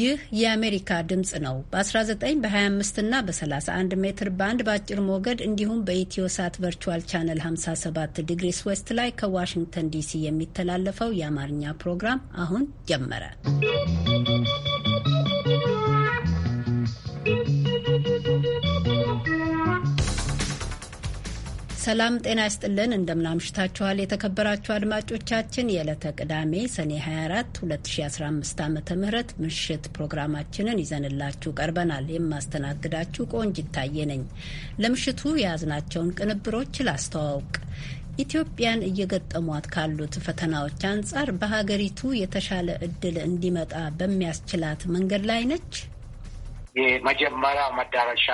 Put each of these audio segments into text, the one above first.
ይህ የአሜሪካ ድምፅ ነው። በ19 በ25 እና በ31 ሜትር ባንድ በአጭር ሞገድ እንዲሁም በኢትዮ ሳት ቨርቹዋል ቻነል 57 ዲግሪስ ዌስት ላይ ከዋሽንግተን ዲሲ የሚተላለፈው የአማርኛ ፕሮግራም አሁን ጀመረ። ሰላም ጤና ይስጥልን። እንደምናምሽታችኋል የተከበራችሁ አድማጮቻችን የዕለተ ቅዳሜ ሰኔ 24 2015 ዓ ም ምሽት ፕሮግራማችንን ይዘንላችሁ ቀርበናል። የማስተናግዳችሁ ቆንጅ ይታየ ነኝ። ለምሽቱ የያዝናቸውን ቅንብሮች ላስተዋውቅ። ኢትዮጵያን እየገጠሟት ካሉት ፈተናዎች አንጻር በሀገሪቱ የተሻለ እድል እንዲመጣ በሚያስችላት መንገድ ላይ ነች። የመጀመሪያው መዳረሻ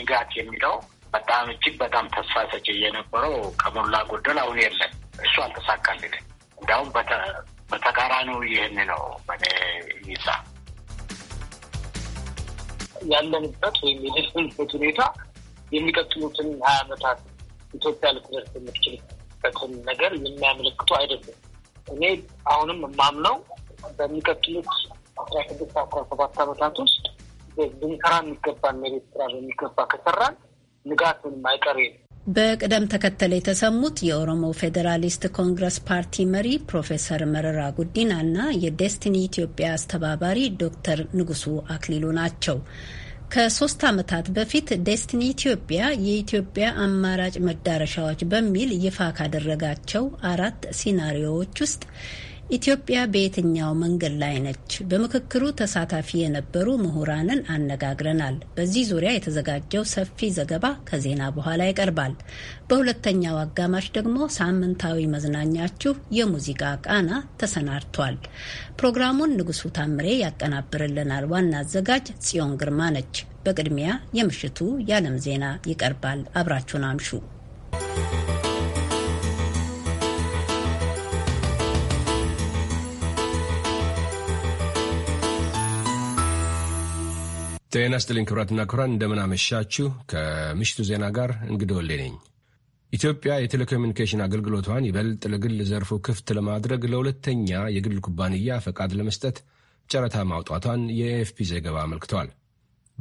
ንጋት የሚለው በጣም እጅግ በጣም ተስፋ ሰጪ የነበረው ከሞላ ጎደል አሁን የለም። እሱ አልተሳካልንም። እንዲያውም በተቃራኒው ይህን ነው ይዛ ያለንበት ወይም የደለንበት ሁኔታ የሚቀጥሉትን ሀያ ዓመታት ኢትዮጵያ ልትደርስ የምትችልበትን ነገር የሚያመለክቱ አይደለም። እኔ አሁንም የማምነው በሚቀጥሉት አስራ ስድስት አስራ ሰባት ዓመታት ውስጥ ብንሰራ የሚገባን መሬት ስራ በሚገባ ከሰራን ንጋቱን አይቀር በቅደም ተከተል የተሰሙት የኦሮሞ ፌዴራሊስት ኮንግረስ ፓርቲ መሪ ፕሮፌሰር መረራ ጉዲና እና የዴስቲኒ ኢትዮጵያ አስተባባሪ ዶክተር ንጉሱ አክሊሉ ናቸው። ከሶስት ዓመታት በፊት ዴስቲኒ ኢትዮጵያ የኢትዮጵያ አማራጭ መዳረሻዎች በሚል ይፋ ካደረጋቸው አራት ሲናሪዮዎች ውስጥ ኢትዮጵያ በየትኛው መንገድ ላይ ነች? በምክክሩ ተሳታፊ የነበሩ ምሁራንን አነጋግረናል። በዚህ ዙሪያ የተዘጋጀው ሰፊ ዘገባ ከዜና በኋላ ይቀርባል። በሁለተኛው አጋማሽ ደግሞ ሳምንታዊ መዝናኛችሁ የሙዚቃ ቃና ተሰናድቷል። ፕሮግራሙን ንጉሱ ታምሬ ያቀናብርልናል። ዋና አዘጋጅ ጽዮን ግርማ ነች። በቅድሚያ የምሽቱ የዓለም ዜና ይቀርባል። አብራችሁን አምሹ። ጤና ስጥልኝ ክብራትና ክብራን፣ እንደምን አመሻችሁ። ከምሽቱ ዜና ጋር እንግዳ ወሌ ነኝ። ኢትዮጵያ የቴሌኮሚኒኬሽን አገልግሎቷን ይበልጥ ለግል ዘርፉ ክፍት ለማድረግ ለሁለተኛ የግል ኩባንያ ፈቃድ ለመስጠት ጨረታ ማውጣቷን የኤኤፍፒ ዘገባ አመልክቷል።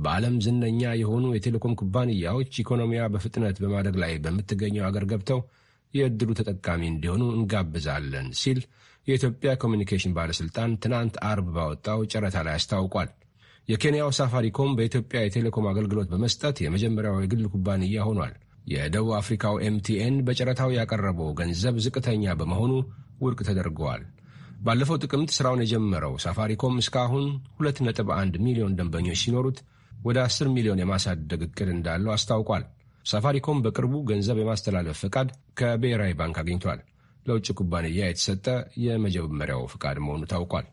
በዓለም ዝነኛ የሆኑ የቴሌኮም ኩባንያዎች ኢኮኖሚያ በፍጥነት በማደግ ላይ በምትገኘው አገር ገብተው የእድሉ ተጠቃሚ እንዲሆኑ እንጋብዛለን ሲል የኢትዮጵያ ኮሚኒኬሽን ባለሥልጣን ትናንት አርብ ባወጣው ጨረታ ላይ አስታውቋል። የኬንያው ሳፋሪኮም በኢትዮጵያ የቴሌኮም አገልግሎት በመስጠት የመጀመሪያው የግል ኩባንያ ሆኗል። የደቡብ አፍሪካው ኤምቲኤን በጨረታው ያቀረበው ገንዘብ ዝቅተኛ በመሆኑ ውድቅ ተደርገዋል። ባለፈው ጥቅምት ሥራውን የጀመረው ሳፋሪኮም እስካሁን 2.1 ሚሊዮን ደንበኞች ሲኖሩት ወደ 10 ሚሊዮን የማሳደግ እቅድ እንዳለው አስታውቋል። ሳፋሪኮም በቅርቡ ገንዘብ የማስተላለፍ ፈቃድ ከብሔራዊ ባንክ አግኝቷል። ለውጭ ኩባንያ የተሰጠ የመጀመሪያው ፈቃድ መሆኑ ታውቋል።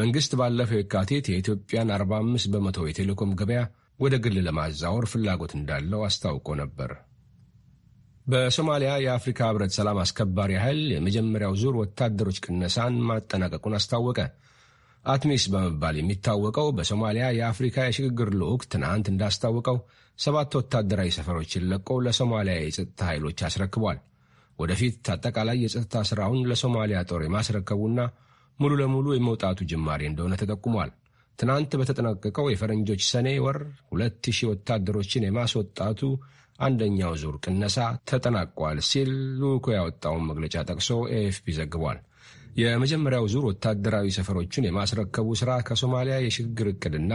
መንግሥት ባለፈው የካቲት የኢትዮጵያን 45 በመቶ የቴሌኮም ገበያ ወደ ግል ለማዛወር ፍላጎት እንዳለው አስታውቆ ነበር። በሶማሊያ የአፍሪካ ህብረት ሰላም አስከባሪ ኃይል የመጀመሪያው ዙር ወታደሮች ቅነሳን ማጠናቀቁን አስታወቀ። አትሚስ በመባል የሚታወቀው በሶማሊያ የአፍሪካ የሽግግር ልዑክ ትናንት እንዳስታወቀው ሰባት ወታደራዊ ሰፈሮችን ለቆ ለሶማሊያ የጸጥታ ኃይሎች አስረክቧል። ወደፊት አጠቃላይ የጸጥታ ሥራውን ለሶማሊያ ጦር የማስረከቡና ሙሉ ለሙሉ የመውጣቱ ጅማሬ እንደሆነ ተጠቁሟል። ትናንት በተጠናቀቀው የፈረንጆች ሰኔ ወር ሁለት ሺህ ወታደሮችን የማስወጣቱ አንደኛው ዙር ቅነሳ ተጠናቋል ሲል ልዑኩ ያወጣውን መግለጫ ጠቅሶ ኤኤፍፒ ዘግቧል። የመጀመሪያው ዙር ወታደራዊ ሰፈሮችን የማስረከቡ ሥራ ከሶማሊያ የሽግግር ዕቅድና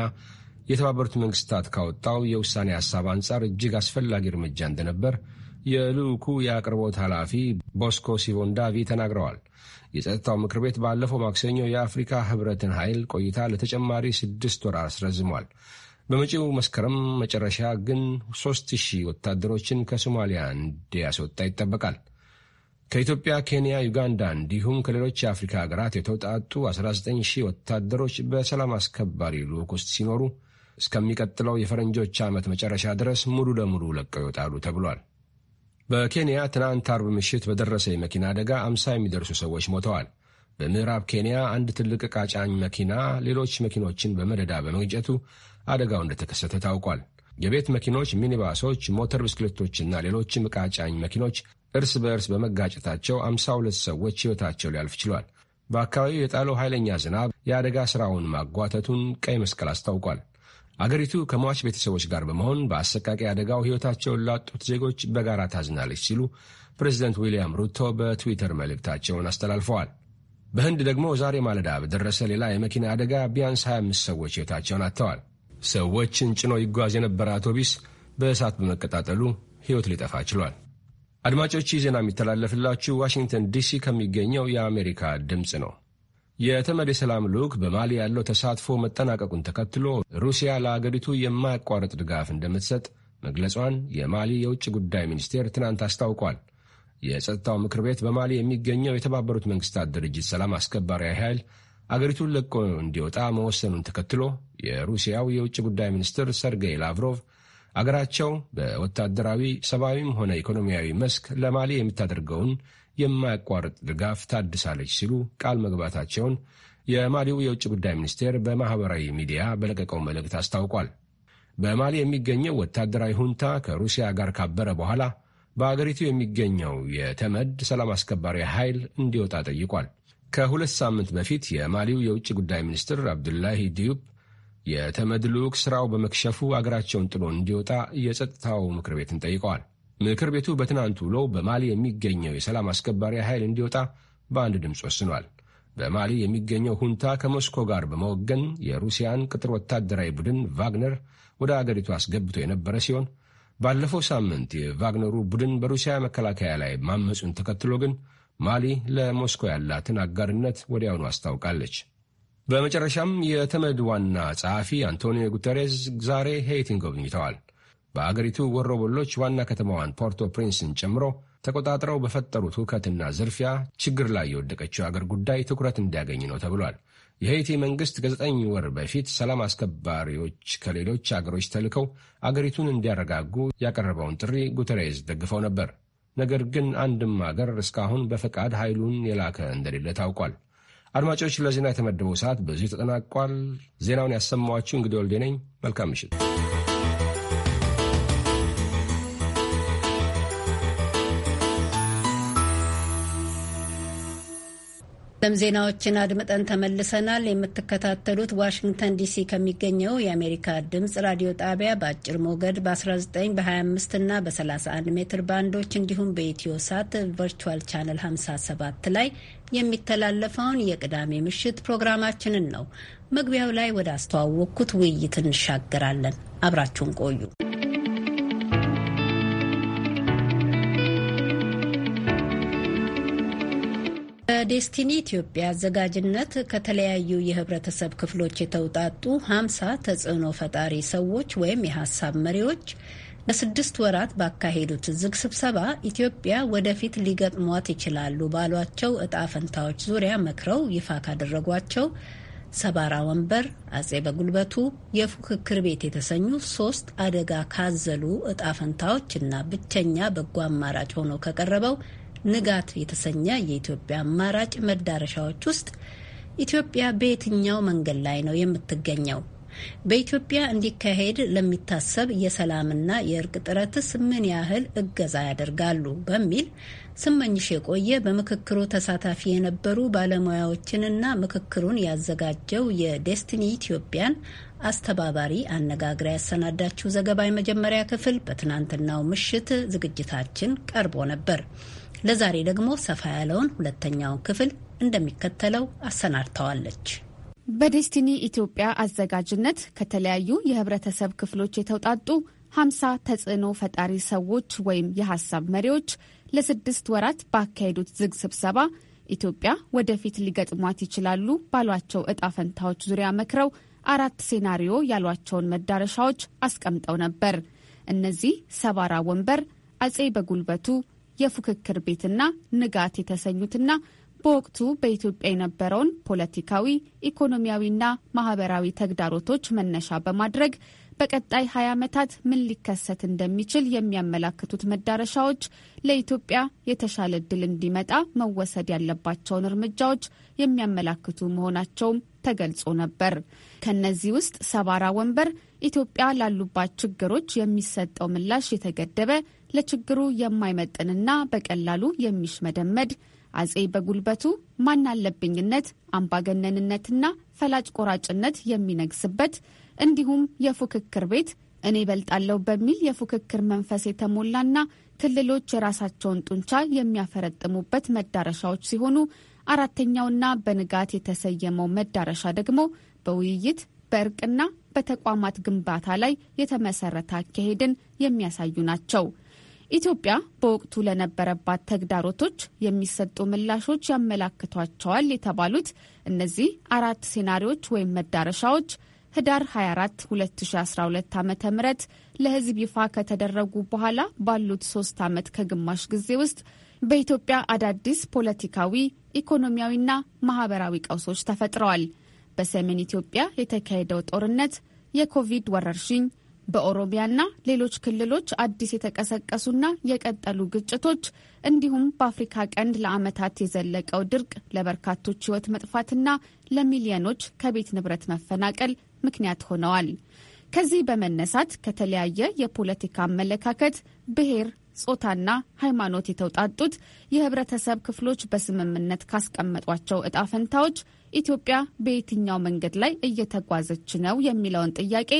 የተባበሩት መንግስታት ካወጣው የውሳኔ ሐሳብ አንጻር እጅግ አስፈላጊ እርምጃ እንደነበር የልዑኩ የአቅርቦት ኃላፊ ቦስኮ ሲቮንዳቪ ተናግረዋል። የጸጥታው ምክር ቤት ባለፈው ማክሰኞ የአፍሪካ ህብረትን ኃይል ቆይታ ለተጨማሪ ስድስት ወር አስረዝሟል። በመጪው መስከረም መጨረሻ ግን ሦስት ሺህ ወታደሮችን ከሶማሊያ እንዲያስወጣ ይጠበቃል። ከኢትዮጵያ፣ ኬንያ፣ ዩጋንዳ እንዲሁም ከሌሎች የአፍሪካ ሀገራት የተውጣጡ 19 ሺህ ወታደሮች በሰላም አስከባሪ ልዑክ ውስጥ ሲኖሩ እስከሚቀጥለው የፈረንጆች ዓመት መጨረሻ ድረስ ሙሉ ለሙሉ ለቀው ይወጣሉ ተብሏል። በኬንያ ትናንት አርብ ምሽት በደረሰ የመኪና አደጋ አምሳ የሚደርሱ ሰዎች ሞተዋል። በምዕራብ ኬንያ አንድ ትልቅ ዕቃ ጫኝ መኪና ሌሎች መኪኖችን በመደዳ በመግጨቱ አደጋው እንደተከሰተ ታውቋል። የቤት መኪኖች፣ ሚኒባሶች፣ ሞተር ብስክሌቶችና ሌሎችም ዕቃ ጫኝ መኪኖች እርስ በእርስ በመጋጨታቸው አምሳ ሁለት ሰዎች ሕይወታቸው ሊያልፍ ችሏል። በአካባቢው የጣለው ኃይለኛ ዝናብ የአደጋ ሥራውን ማጓተቱን ቀይ መስቀል አስታውቋል። አገሪቱ ከሟች ቤተሰቦች ጋር በመሆን በአሰቃቂ አደጋው ሕይወታቸውን ላጡት ዜጎች በጋራ ታዝናለች ሲሉ ፕሬዚደንት ዊልያም ሩቶ በትዊተር መልእክታቸውን አስተላልፈዋል። በህንድ ደግሞ ዛሬ ማለዳ በደረሰ ሌላ የመኪና አደጋ ቢያንስ 25 ሰዎች ሕይወታቸውን አጥተዋል። ሰዎችን ጭኖ ይጓዝ የነበረ አውቶቢስ በእሳት በመቀጣጠሉ ሕይወት ሊጠፋ ችሏል። አድማጮች ዜና የሚተላለፍላችሁ ዋሽንግተን ዲሲ ከሚገኘው የአሜሪካ ድምፅ ነው። የተመድ የሰላም ልዑክ በማሊ ያለው ተሳትፎ መጠናቀቁን ተከትሎ ሩሲያ ለአገሪቱ የማያቋርጥ ድጋፍ እንደምትሰጥ መግለጿን የማሊ የውጭ ጉዳይ ሚኒስቴር ትናንት አስታውቋል። የጸጥታው ምክር ቤት በማሊ የሚገኘው የተባበሩት መንግስታት ድርጅት ሰላም አስከባሪ ኃይል አገሪቱን ለቆ እንዲወጣ መወሰኑን ተከትሎ የሩሲያው የውጭ ጉዳይ ሚኒስትር ሰርጌይ ላቭሮቭ አገራቸው በወታደራዊ ሰብአዊም ሆነ ኢኮኖሚያዊ መስክ ለማሊ የምታደርገውን የማያቋርጥ ድጋፍ ታድሳለች ሲሉ ቃል መግባታቸውን የማሊው የውጭ ጉዳይ ሚኒስቴር በማኅበራዊ ሚዲያ በለቀቀው መልእክት አስታውቋል። በማሊ የሚገኘው ወታደራዊ ሁንታ ከሩሲያ ጋር ካበረ በኋላ በአገሪቱ የሚገኘው የተመድ ሰላም አስከባሪ ኃይል እንዲወጣ ጠይቋል። ከሁለት ሳምንት በፊት የማሊው የውጭ ጉዳይ ሚኒስትር አብዱላሂ ዲዩብ የተመድ ልዑክ ሥራው በመክሸፉ አገራቸውን ጥሎ እንዲወጣ የጸጥታው ምክር ቤትን ጠይቀዋል። ምክር ቤቱ በትናንት ውሎ በማሊ የሚገኘው የሰላም አስከባሪ ኃይል እንዲወጣ በአንድ ድምፅ ወስኗል። በማሊ የሚገኘው ሁንታ ከሞስኮ ጋር በመወገን የሩሲያን ቅጥር ወታደራዊ ቡድን ቫግነር ወደ አገሪቱ አስገብቶ የነበረ ሲሆን ባለፈው ሳምንት የቫግነሩ ቡድን በሩሲያ መከላከያ ላይ ማመፁን ተከትሎ ግን ማሊ ለሞስኮ ያላትን አጋርነት ወዲያውኑ አስታውቃለች። በመጨረሻም የተመድ ዋና ጸሐፊ አንቶኒዮ ጉተሬዝ ዛሬ ሄይቲን ጎብኝተዋል። በአገሪቱ በሎች ዋና ከተማዋን ፖርቶ ፕሪንስን ጨምሮ ተቆጣጥረው በፈጠሩት ሁከትና ዝርፊያ ችግር ላይ የወደቀችው አገር ጉዳይ ትኩረት እንዲያገኝ ነው ተብሏል። የሄይቲ መንግሥት ከዘጠኝ ወር በፊት ሰላም አስከባሪዎች ከሌሎች አገሮች ተልከው አገሪቱን እንዲያረጋጉ ያቀረበውን ጥሪ ጉተሬዝ ደግፈው ነበር። ነገር ግን አንድም አገር እስካሁን በፈቃድ ኃይሉን የላከ እንደሌለ ታውቋል። አድማጮች፣ ለዜና የተመደበው ሰዓት በዚሁ ተጠናቋል። ዜናውን ያሰማኋችሁ እንግዲህ ወልዴ ነኝ። መልካም ምሽት። የዓለም ዜናዎችን አድምጠን ተመልሰናል። የምትከታተሉት ዋሽንግተን ዲሲ ከሚገኘው የአሜሪካ ድምፅ ራዲዮ ጣቢያ በአጭር ሞገድ በ19 በ25 እና በ31 ሜትር ባንዶች እንዲሁም በኢትዮ ሳት ቨርቹዋል ቻነል 57 ላይ የሚተላለፈውን የቅዳሜ ምሽት ፕሮግራማችንን ነው። መግቢያው ላይ ወደ አስተዋወቅኩት ውይይት እንሻገራለን። አብራችሁን ቆዩ። በዴስቲኒ ኢትዮጵያ አዘጋጅነት ከተለያዩ የህብረተሰብ ክፍሎች የተውጣጡ ሀምሳ ተጽዕኖ ፈጣሪ ሰዎች ወይም የሀሳብ መሪዎች ለስድስት ወራት ባካሄዱት ዝግ ስብሰባ ኢትዮጵያ ወደፊት ሊገጥሟት ይችላሉ ባሏቸው እጣ ፈንታዎች ዙሪያ መክረው ይፋ ካደረጓቸው ሰባራ ወንበር፣ አጼ በጉልበቱ፣ የፉክክር ቤት የተሰኙ ሶስት አደጋ ካዘሉ እጣ ፈንታዎች እና ብቸኛ በጎ አማራጭ ሆኖ ከቀረበው ንጋት የተሰኘ የኢትዮጵያ አማራጭ መዳረሻዎች ውስጥ ኢትዮጵያ በየትኛው መንገድ ላይ ነው የምትገኘው? በኢትዮጵያ እንዲካሄድ ለሚታሰብ የሰላምና የእርቅ ጥረትስ ምን ያህል እገዛ ያደርጋሉ? በሚል ስመኝሽ የቆየ በምክክሩ ተሳታፊ የነበሩ ባለሙያዎችንና ምክክሩን ያዘጋጀው የዴስቲኒ ኢትዮጵያን አስተባባሪ አነጋግራ ያሰናዳችው ዘገባ የመጀመሪያ ክፍል በትናንትናው ምሽት ዝግጅታችን ቀርቦ ነበር። ለዛሬ ደግሞ ሰፋ ያለውን ሁለተኛውን ክፍል እንደሚከተለው አሰናድተዋለች። በዴስቲኒ ኢትዮጵያ አዘጋጅነት ከተለያዩ የህብረተሰብ ክፍሎች የተውጣጡ ሀምሳ ተጽዕኖ ፈጣሪ ሰዎች ወይም የሀሳብ መሪዎች ለስድስት ወራት ባካሄዱት ዝግ ስብሰባ ኢትዮጵያ ወደፊት ሊገጥሟት ይችላሉ ባሏቸው እጣ ፈንታዎች ዙሪያ መክረው አራት ሴናሪዮ ያሏቸውን መዳረሻዎች አስቀምጠው ነበር። እነዚህ ሰባራ ወንበር፣ አጼ በጉልበቱ፣ የፉክክር ቤትና ንጋት የተሰኙትና በወቅቱ በኢትዮጵያ የነበረውን ፖለቲካዊ ኢኮኖሚያዊና ማህበራዊ ተግዳሮቶች መነሻ በማድረግ በቀጣይ 20 ዓመታት ምን ሊከሰት እንደሚችል የሚያመላክቱት መዳረሻዎች ለኢትዮጵያ የተሻለ እድል እንዲመጣ መወሰድ ያለባቸውን እርምጃዎች የሚያመላክቱ መሆናቸውም ተገልጾ ነበር። ከነዚህ ውስጥ ሰባራ ወንበር ኢትዮጵያ ላሉባት ችግሮች የሚሰጠው ምላሽ የተገደበ ለችግሩ የማይመጥንና በቀላሉ የሚሽመደመድ አጼ በጉልበቱ ማናለብኝነት፣ አምባገነንነትና ፈላጭ ቆራጭነት የሚነግስበት እንዲሁም የፉክክር ቤት እኔ በልጣለሁ በሚል የፉክክር መንፈስ የተሞላና ክልሎች የራሳቸውን ጡንቻ የሚያፈረጥሙበት መዳረሻዎች ሲሆኑ አራተኛውና በንጋት የተሰየመው መዳረሻ ደግሞ በውይይት በእርቅና በተቋማት ግንባታ ላይ የተመሰረተ አካሄድን የሚያሳዩ ናቸው። ኢትዮጵያ በወቅቱ ለነበረባት ተግዳሮቶች የሚሰጡ ምላሾች ያመላክቷቸዋል የተባሉት እነዚህ አራት ሴናሪዎች ወይም መዳረሻዎች ህዳር 24 2012 ዓ ም ለህዝብ ይፋ ከተደረጉ በኋላ ባሉት ሶስት ዓመት ከግማሽ ጊዜ ውስጥ በኢትዮጵያ አዳዲስ ፖለቲካዊ፣ ኢኮኖሚያዊና ማህበራዊ ቀውሶች ተፈጥረዋል። በሰሜን ኢትዮጵያ የተካሄደው ጦርነት፣ የኮቪድ ወረርሽኝ፣ በኦሮሚያና ሌሎች ክልሎች አዲስ የተቀሰቀሱና የቀጠሉ ግጭቶች እንዲሁም በአፍሪካ ቀንድ ለዓመታት የዘለቀው ድርቅ ለበርካቶች ሕይወት መጥፋትና ለሚሊዮኖች ከቤት ንብረት መፈናቀል ምክንያት ሆነዋል። ከዚህ በመነሳት ከተለያየ የፖለቲካ አመለካከት፣ ብሔር፣ ጾታና ሃይማኖት የተውጣጡት የህብረተሰብ ክፍሎች በስምምነት ካስቀመጧቸው እጣ ፈንታዎች ኢትዮጵያ በየትኛው መንገድ ላይ እየተጓዘች ነው የሚለውን ጥያቄ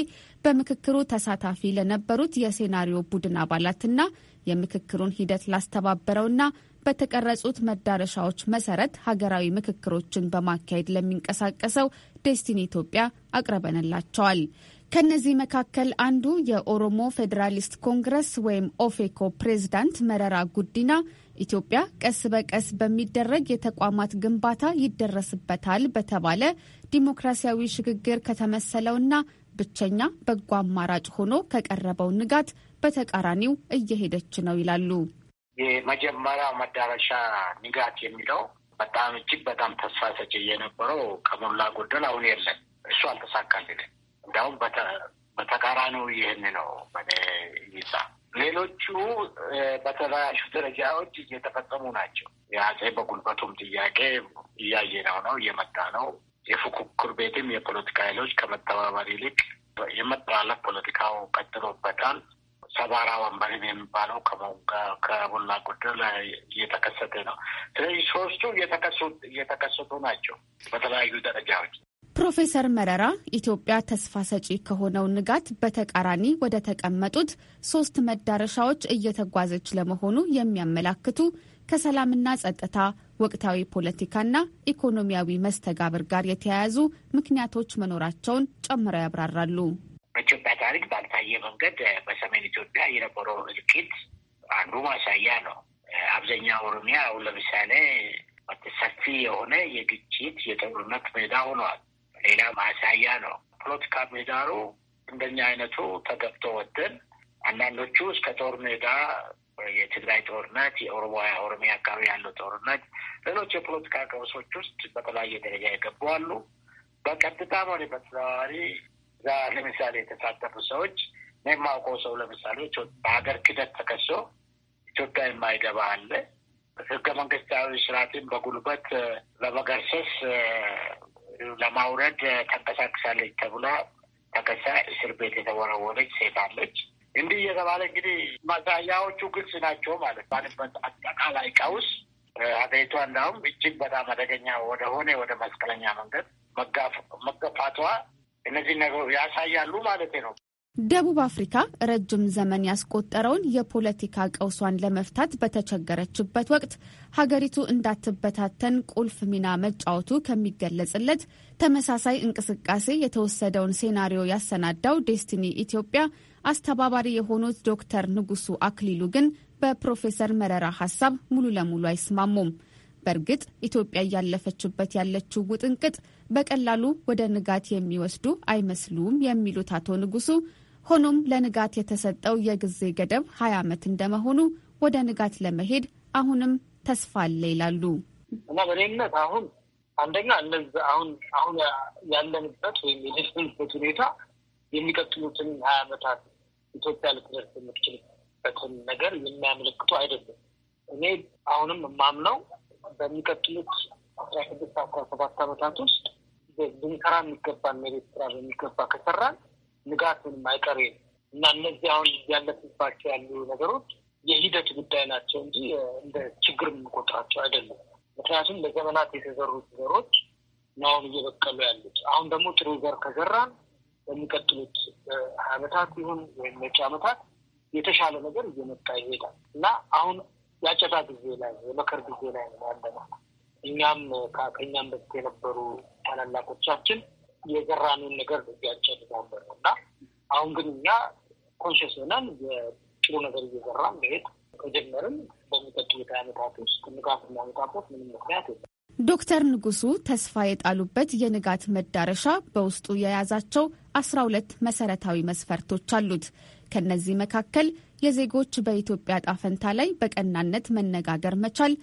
በምክክሩ ተሳታፊ ለነበሩት የሴናሪዮ ቡድን አባላትና የምክክሩን ሂደት ላስተባበረውና በተቀረጹት መዳረሻዎች መሰረት ሀገራዊ ምክክሮችን በማካሄድ ለሚንቀሳቀሰው ዴስቲኒ ኢትዮጵያ አቅርበንላቸዋል። ከነዚህ መካከል አንዱ የኦሮሞ ፌዴራሊስት ኮንግረስ ወይም ኦፌኮ ፕሬዝዳንት መረራ ጉዲና ኢትዮጵያ ቀስ በቀስ በሚደረግ የተቋማት ግንባታ ይደረስበታል በተባለ ዲሞክራሲያዊ ሽግግር ከተመሰለውና ብቸኛ በጎ አማራጭ ሆኖ ከቀረበው ንጋት በተቃራኒው እየሄደች ነው ይላሉ። የመጀመሪያው መዳረሻ ንጋት የሚለው በጣም እጅግ በጣም ተስፋ ሰጪ የነበረው ከሞላ ጎደል አሁን የለም። እሱ አልተሳካልንም። እንዲያውም በተቃራኒው ይህን ነው ይዛ ሌሎቹ በተለያዩ ደረጃዎች እየተፈጸሙ ናቸው። የአጼ በጉልበቱም ጥያቄ ነው ነው፣ እየመጣ ነው። የፉክክር ቤትም የፖለቲካ ኃይሎች ከመተባበር ይልቅ የመጠላለፍ ፖለቲካው ቀጥሎበታል። ሰባራ ወንበርም የሚባለው ከሞላ ጎደል እየተከሰተ ነው። ስለዚህ ሶስቱ እየተከሰቱ ናቸው በተለያዩ ደረጃዎች። ፕሮፌሰር መረራ ኢትዮጵያ ተስፋ ሰጪ ከሆነው ንጋት በተቃራኒ ወደ ተቀመጡት ሶስት መዳረሻዎች እየተጓዘች ለመሆኑ የሚያመላክቱ ከሰላምና ጸጥታ ወቅታዊ ፖለቲካና ኢኮኖሚያዊ መስተጋብር ጋር የተያያዙ ምክንያቶች መኖራቸውን ጨምረው ያብራራሉ። በኢትዮጵያ ታሪክ ባልታየ መንገድ በሰሜን ኢትዮጵያ የነበረው እልቂት አንዱ ማሳያ ነው። አብዛኛው ኦሮሚያ አሁን ለምሳሌ ሰፊ የሆነ የግጭት የጦርነት ሜዳ ሆኗል። ሌላ ማሳያ ነው። ፖለቲካ ሜዳሩ እንደኛ አይነቱ ተገብቶ ወጥን አንዳንዶቹ እስከ ጦር ሜዳ የትግራይ ጦርነት፣ የኦሮሞ ኦሮሚያ አካባቢ ያለው ጦርነት፣ ሌሎች የፖለቲካ ቀውሶች ውስጥ በተለያየ ደረጃ የገቡ አሉ። በቀጥታም ሆነ በተዘዋዋሪ እዛ ለምሳሌ የተሳተፉ ሰዎች የማውቀው ሰው ለምሳሌ በሀገር ክደት ተከሶ ኢትዮጵያ የማይገባ አለ። ህገ መንግስታዊ ስርዓትን በጉልበት ለመገርሰስ ለማውረድ ተንቀሳቅሳለች ተብላ ተከሳ እስር ቤት የተወረወረች ሴት አለች። እንዲህ እየተባለ እንግዲህ ማሳያዎቹ ግልጽ ናቸው ማለት ባለበት አጠቃላይ ቀውስ ሀገሪቷ እንዳሁም እጅግ በጣም አደገኛ ሆነ ወደ መስቀለኛ መንገድ መገፋቷ እነዚህ ነገሮች ያሳያሉ ማለት ነው። ደቡብ አፍሪካ ረጅም ዘመን ያስቆጠረውን የፖለቲካ ቀውሷን ለመፍታት በተቸገረችበት ወቅት ሀገሪቱ እንዳትበታተን ቁልፍ ሚና መጫወቱ ከሚገለጽለት ተመሳሳይ እንቅስቃሴ የተወሰደውን ሴናሪዮ ያሰናዳው ዴስቲኒ ኢትዮጵያ አስተባባሪ የሆኑት ዶክተር ንጉሱ አክሊሉ ግን በፕሮፌሰር መረራ ሀሳብ ሙሉ ለሙሉ አይስማሙም። በእርግጥ ኢትዮጵያ እያለፈችበት ያለችው ውጥንቅጥ በቀላሉ ወደ ንጋት የሚወስዱ አይመስሉም የሚሉት አቶ ንጉሱ፣ ሆኖም ለንጋት የተሰጠው የጊዜ ገደብ 20 ዓመት እንደመሆኑ ወደ ንጋት ለመሄድ አሁንም ተስፋ አለ ይላሉ። እና በእኔነት አሁን አንደኛ እነዚ አሁን አሁን ያለንበት ወይም የደረስንበት ሁኔታ የሚቀጥሉትን ሀያ ዓመታት ኢትዮጵያ ልትደርስ የምትችልበትን ነገር የሚያመለክቱ አይደለም። እኔ አሁንም የማምነው በሚቀጥሉት አስራ ስድስት አስራ ሰባት ዓመታት ውስጥ ብንሰራ የሚገባን መሬት ስራ በሚገባ ከሰራን ንጋት ምንም አይቀሬ እና እነዚህ አሁን ያለፍባቸው ያሉ ነገሮች የሂደት ጉዳይ ናቸው እንጂ እንደ ችግር የምንቆጥራቸው አይደለም። ምክንያቱም ለዘመናት የተዘሩት ዘሮች አሁን እየበቀሉ ያሉት አሁን ደግሞ ጥሩ ዘር ከዘራን በሚቀጥሉት አመታት ይሁን ወይም መጪ አመታት የተሻለ ነገር እየመጣ ይሄዳል እና አሁን የአጨዳ ጊዜ ላይ የመከር ጊዜ ላይ ነው ያለ ነው። እኛም ከእኛም በፊት የነበሩ ታላላቆቻችን የዘራነውን ነገር እያጨድ ነበር ነው እና አሁን ግን እኛ ኮንሽስ ሆነን የጥሩ ነገር እየዘራ መሄድ ከጀመርን በሚቀጥሉት አመታት ውስጥ ንቃት የሚያመጣበት ምንም ምክንያት የለም። ዶክተር ንጉሱ ተስፋ የጣሉበት የንጋት መዳረሻ በውስጡ የያዛቸው አስራ መሰረታዊ መስፈርቶች አሉት። ከነዚህ መካከል የዜጎች በኢትዮጵያ ጣፈንታ ላይ በቀናነት መነጋገር መቻል፣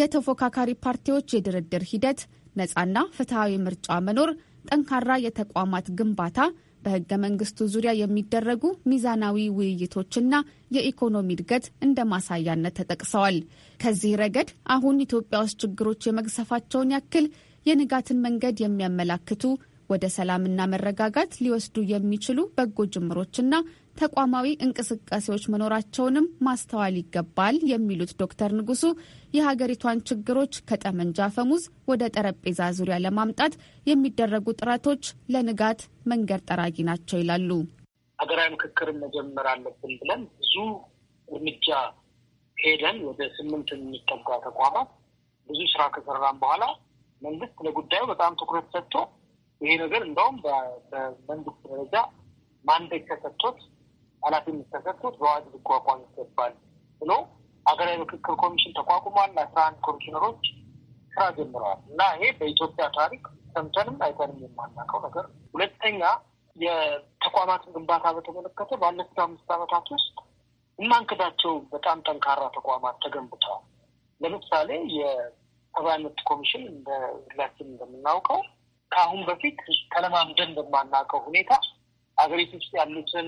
የተፎካካሪ ፓርቲዎች የድርድር ሂደት፣ ነፃና ፍትሐዊ ምርጫ መኖር፣ ጠንካራ የተቋማት ግንባታ በህገ መንግስቱ ዙሪያ የሚደረጉ ሚዛናዊ ውይይቶችና የኢኮኖሚ እድገት እንደ ማሳያነት ተጠቅሰዋል። ከዚህ ረገድ አሁን ኢትዮጵያ ውስጥ ችግሮች የመግሰፋቸውን ያክል የንጋትን መንገድ የሚያመላክቱ ወደ ሰላምና መረጋጋት ሊወስዱ የሚችሉ በጎ ጅምሮችና ተቋማዊ እንቅስቃሴዎች መኖራቸውንም ማስተዋል ይገባል የሚሉት ዶክተር ንጉሱ የሀገሪቷን ችግሮች ከጠመንጃ ፈሙዝ ወደ ጠረጴዛ ዙሪያ ለማምጣት የሚደረጉ ጥረቶች ለንጋት መንገድ ጠራጊ ናቸው ይላሉ። ሀገራዊ ምክክርን መጀመር አለብን ብለን ብዙ እርምጃ ሄደን ወደ ስምንት የሚጠጋ ተቋማት ብዙ ስራ ከሰራን በኋላ መንግስት ለጉዳዩ በጣም ትኩረት ሰጥቶ ይሄ ነገር እንደውም በመንግስት ደረጃ ማንዴት ተሰጥቶት ኃላፊነት ተሰጥቶት በአዋጅ ሊቋቋም ይገባል ብሎ ሀገራዊ ምክክር ኮሚሽን ተቋቁሟል። አስራ አንድ ኮሚሽነሮች ስራ ጀምረዋል እና ይሄ በኢትዮጵያ ታሪክ ሰምተንም አይተንም የማናውቀው ነገር። ሁለተኛ የተቋማትን ግንባታ በተመለከተ ባለፉት አምስት ዓመታት ውስጥ እማንክዳቸው በጣም ጠንካራ ተቋማት ተገንብተዋል። ለምሳሌ የሰብአዊ መብት ኮሚሽን እንደ ሁላችን እንደምናውቀው ከአሁን በፊት ተለማምደን በማናውቀው ሁኔታ ሀገሪቱ ውስጥ ያሉትን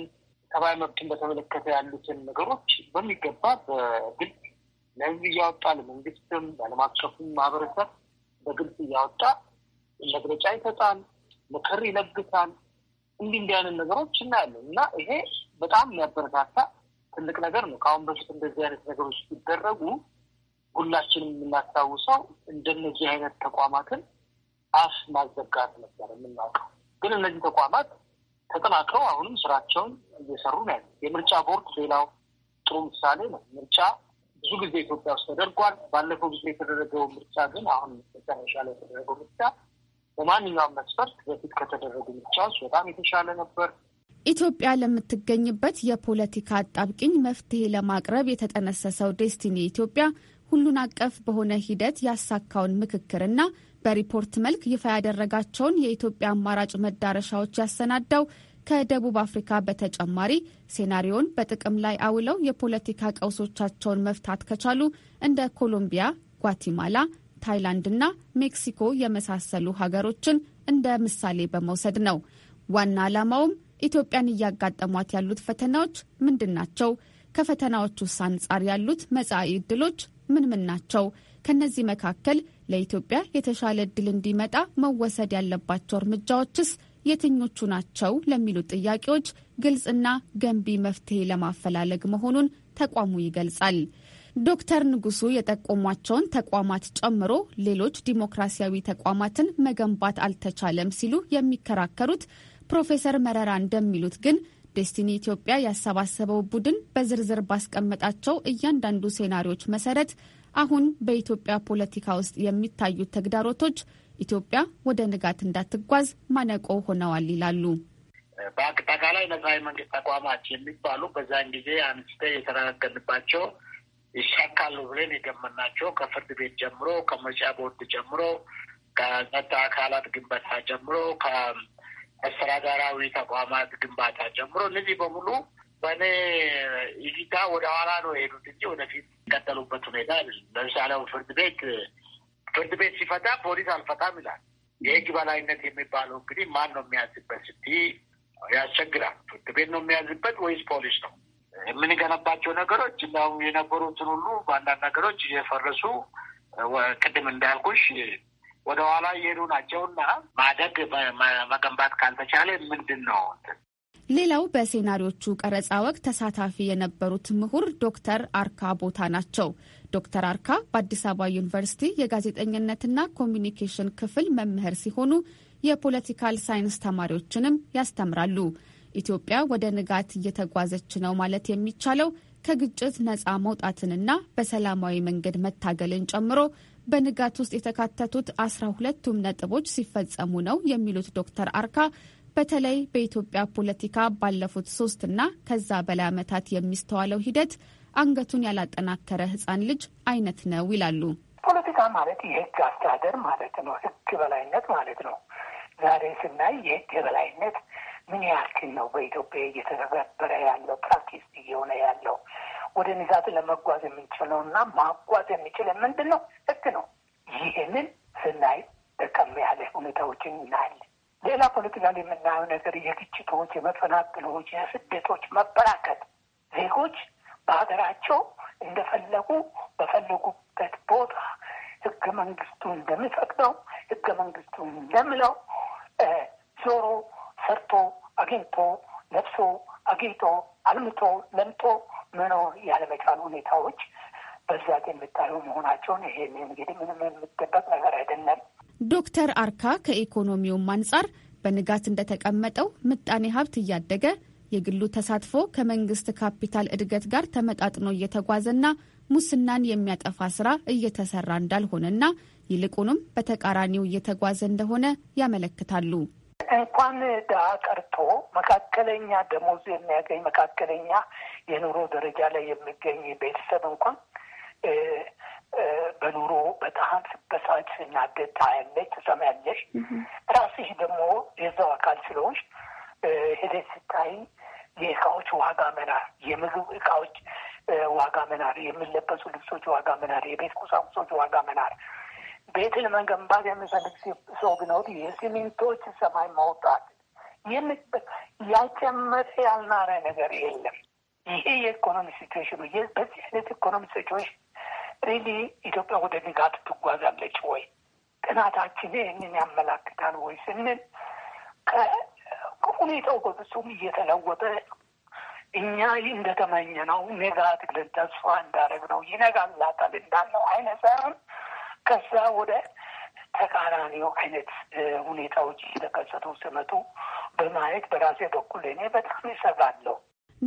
ሰብአዊ መብትን በተመለከተ ያሉትን ነገሮች በሚገባ በግልጽ ለህዝብ እያወጣ ለመንግስትም ለዓለም አቀፉም ማህበረሰብ በግልጽ እያወጣ መግለጫ ይሰጣል፣ ምክር ይለግሳል። እንዲህ እንዲህ አይነት ነገሮች እናያለን እና ይሄ በጣም የሚያበረታታ ትልቅ ነገር ነው። ከአሁን በፊት እንደዚህ አይነት ነገሮች ሲደረጉ ሁላችንም የምናስታውሰው እንደነዚህ አይነት ተቋማትን አፍ ማዘጋት ነበር የምናውቀው። ግን እነዚህ ተቋማት ተጠናክረው አሁንም ስራቸውን እየሰሩ ነው ያለ የምርጫ ቦርድ ሌላው ጥሩ ምሳሌ ነው። ምርጫ ብዙ ጊዜ ኢትዮጵያ ውስጥ ተደርጓል። ባለፈው ጊዜ የተደረገው ምርጫ ግን አሁን መጨረሻ ላይ የተደረገው ምርጫ በማንኛውም መስፈርት በፊት ከተደረጉ ምርጫዎች በጣም የተሻለ ነበር። ኢትዮጵያ ለምትገኝበት የፖለቲካ አጣብቅኝ መፍትሄ ለማቅረብ የተጠነሰሰው ዴስቲኒ ኢትዮጵያ ሁሉን አቀፍ በሆነ ሂደት ያሳካውን ምክክርና በሪፖርት መልክ ይፋ ያደረጋቸውን የኢትዮጵያ አማራጭ መዳረሻዎች ያሰናዳው ከደቡብ አፍሪካ በተጨማሪ ሴናሪዮን በጥቅም ላይ አውለው የፖለቲካ ቀውሶቻቸውን መፍታት ከቻሉ እንደ ኮሎምቢያ፣ ጓቲማላ፣ ታይላንድ እና ሜክሲኮ የመሳሰሉ ሀገሮችን እንደ ምሳሌ በመውሰድ ነው። ዋና ዓላማውም ኢትዮጵያን እያጋጠሟት ያሉት ፈተናዎች ምንድን ናቸው? ከፈተናዎቹስ አንጻር ያሉት መጻኢ ዕድሎች ምን ምን ናቸው? ከነዚህ መካከል ለኢትዮጵያ የተሻለ እድል እንዲመጣ መወሰድ ያለባቸው እርምጃዎችስ የትኞቹ ናቸው ለሚሉ ጥያቄዎች ግልጽና ገንቢ መፍትሄ ለማፈላለግ መሆኑን ተቋሙ ይገልጻል። ዶክተር ንጉሱ የጠቆሟቸውን ተቋማት ጨምሮ ሌሎች ዲሞክራሲያዊ ተቋማትን መገንባት አልተቻለም ሲሉ የሚከራከሩት ፕሮፌሰር መረራ እንደሚሉት ግን ዴስቲኒ ኢትዮጵያ ያሰባሰበው ቡድን በዝርዝር ባስቀመጣቸው እያንዳንዱ ሴናሪዎች መሰረት አሁን በኢትዮጵያ ፖለቲካ ውስጥ የሚታዩት ተግዳሮቶች ኢትዮጵያ ወደ ንጋት እንዳትጓዝ ማነቆ ሆነዋል ይላሉ። በአጠቃላይ ነጻ የመንግስት ተቋማት የሚባሉ በዛን ጊዜ አንስተ የተረጋገንባቸው ይሻካሉ ብለን የገመናቸው ከፍርድ ቤት ጀምሮ፣ ከምርጫ ቦርድ ጀምሮ፣ ከጸጥታ አካላት ግንባታ ጀምሮ፣ ከአስተዳደራዊ ተቋማት ግንባታ ጀምሮ እነዚህ በሙሉ በእኔ እይታ ወደ ኋላ ነው የሄዱት እንጂ ወደፊት የሚቀጠሉበት ሁኔታ ለምሳሌ ፍርድ ቤት ፍርድ ቤት ሲፈታ ፖሊስ አልፈታም ይላል። የህግ በላይነት የሚባለው እንግዲህ ማን ነው የሚያዝበት ስትይ ያስቸግራል። ፍርድ ቤት ነው የሚያዝበት ወይስ ፖሊስ ነው? የምንገነባቸው ነገሮች እንዲሁም የነበሩትን ሁሉ በአንዳንድ ነገሮች እየፈረሱ ቅድም እንዳልኩሽ ወደኋላ እየሄዱ ናቸው እና ማደግ መገንባት ካልተቻለ ምንድን ነው ሌላው በሴናሪዎቹ ቀረጻ ወቅት ተሳታፊ የነበሩት ምሁር ዶክተር አርካ ቦታ ናቸው። ዶክተር አርካ በአዲስ አበባ ዩኒቨርሲቲ የጋዜጠኝነትና ኮሚኒኬሽን ክፍል መምህር ሲሆኑ የፖለቲካል ሳይንስ ተማሪዎችንም ያስተምራሉ። ኢትዮጵያ ወደ ንጋት እየተጓዘች ነው ማለት የሚቻለው ከግጭት ነጻ መውጣትንና በሰላማዊ መንገድ መታገልን ጨምሮ በንጋት ውስጥ የተካተቱት አስራ ሁለቱም ነጥቦች ሲፈጸሙ ነው የሚሉት ዶክተር አርካ በተለይ በኢትዮጵያ ፖለቲካ ባለፉት ሶስት እና ከዛ በላይ ዓመታት የሚስተዋለው ሂደት አንገቱን ያላጠናከረ ህፃን ልጅ አይነት ነው ይላሉ። ፖለቲካ ማለት የህግ አስተዳደር ማለት ነው። ህግ በላይነት ማለት ነው። ዛሬ ስናይ የህግ የበላይነት ምን ያክል ነው በኢትዮጵያ እየተተገበረ ያለው ፕራክቲስ እየሆነ ያለው ወደ ንዛት ለመጓዝ የምንችለው እና ማጓዝ የሚችል ምንድን ነው? ህግ ነው። ይህንን ስናይ ጠቀም ያለ ሁኔታዎችን እናያለን። ሌላ ፖለቲካ ላይ የምናየው ነገር የግጭቶች፣ የመፈናቅሎች፣ የስደቶች መበራከት ዜጎች በሀገራቸው እንደፈለጉ በፈለጉበት ቦታ ህገ መንግስቱ እንደሚፈቅደው ህገ መንግስቱ እንደምለው ዞሮ ሰርቶ አግኝቶ ለብሶ አግኝቶ አልምቶ ለምቶ መኖር ያለመቻሉ ሁኔታዎች በዛት የምታየው መሆናቸውን ይሄ እንግዲህ ምንም የሚደበቅ ነገር አይደለም። ዶክተር አርካ ከኢኮኖሚውም አንጻር በንጋት እንደተቀመጠው ምጣኔ ሀብት እያደገ የግሉ ተሳትፎ ከመንግስት ካፒታል እድገት ጋር ተመጣጥኖ እየተጓዘና ሙስናን የሚያጠፋ ስራ እየተሰራ እንዳልሆነና ይልቁንም በተቃራኒው እየተጓዘ እንደሆነ ያመለክታሉ። እንኳን ድሀ ቀርቶ መካከለኛ ደሞዝ የሚያገኝ መካከለኛ የኑሮ ደረጃ ላይ የሚገኝ ቤተሰብ እንኳን በኑሮ በጣም ስበሳጭ ስናደድ ታያለች፣ ትሰማያለሽ። ራስሽ ደግሞ የዛው አካል ስለሆንሽ ሄደሽ ስታይ የእቃዎች ዋጋ መናር፣ የምግብ እቃዎች ዋጋ መናር፣ የሚለበሱ ልብሶች ዋጋ መናር፣ የቤት ቁሳቁሶች ዋጋ መናር ቤትን መገንባት የሚፈልግ ሰው ቢኖር የሲሚንቶች ሰማይ ማውጣት ያጨመረ ያልናረ ነገር የለም። ይሄ የኢኮኖሚ ሲትዌሽን በዚህ አይነት ኢኮኖሚ ሲትዌሽን እኔ ኢትዮጵያ ወደ ንጋት ትጓዛለች ወይ ጥናታችን ይህንን ያመላክታል ወይ ስንል ከሁኔታው በፍጹም እየተለወጠ እኛ እንደተመኘ ነው ንጋት ብለን ተስፋ እንዳደረግ ነው ይነጋላታል እንዳለው አይነት ሳይሆን ከዛ ወደ ተቃራኒው አይነት ሁኔታዎች እየተከሰቱ ስመጡ በማየት በራሴ በኩል እኔ በጣም ይሰጋለሁ።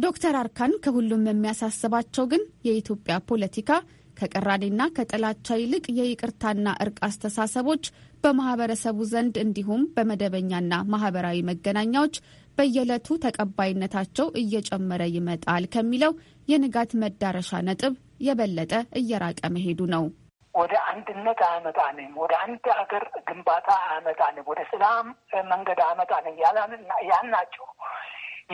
ዶክተር አርካን ከሁሉም የሚያሳስባቸው ግን የኢትዮጵያ ፖለቲካ ከቅራኔና ከጥላቻ ይልቅ የይቅርታና እርቅ አስተሳሰቦች በማህበረሰቡ ዘንድ እንዲሁም በመደበኛና ማህበራዊ መገናኛዎች በየዕለቱ ተቀባይነታቸው እየጨመረ ይመጣል ከሚለው የንጋት መዳረሻ ነጥብ የበለጠ እየራቀ መሄዱ ነው። ወደ አንድነት አያመጣንም፣ ወደ አንድ ሀገር ግንባታ አያመጣንም፣ ወደ ሰላም መንገድ አያመጣንም ናቸው።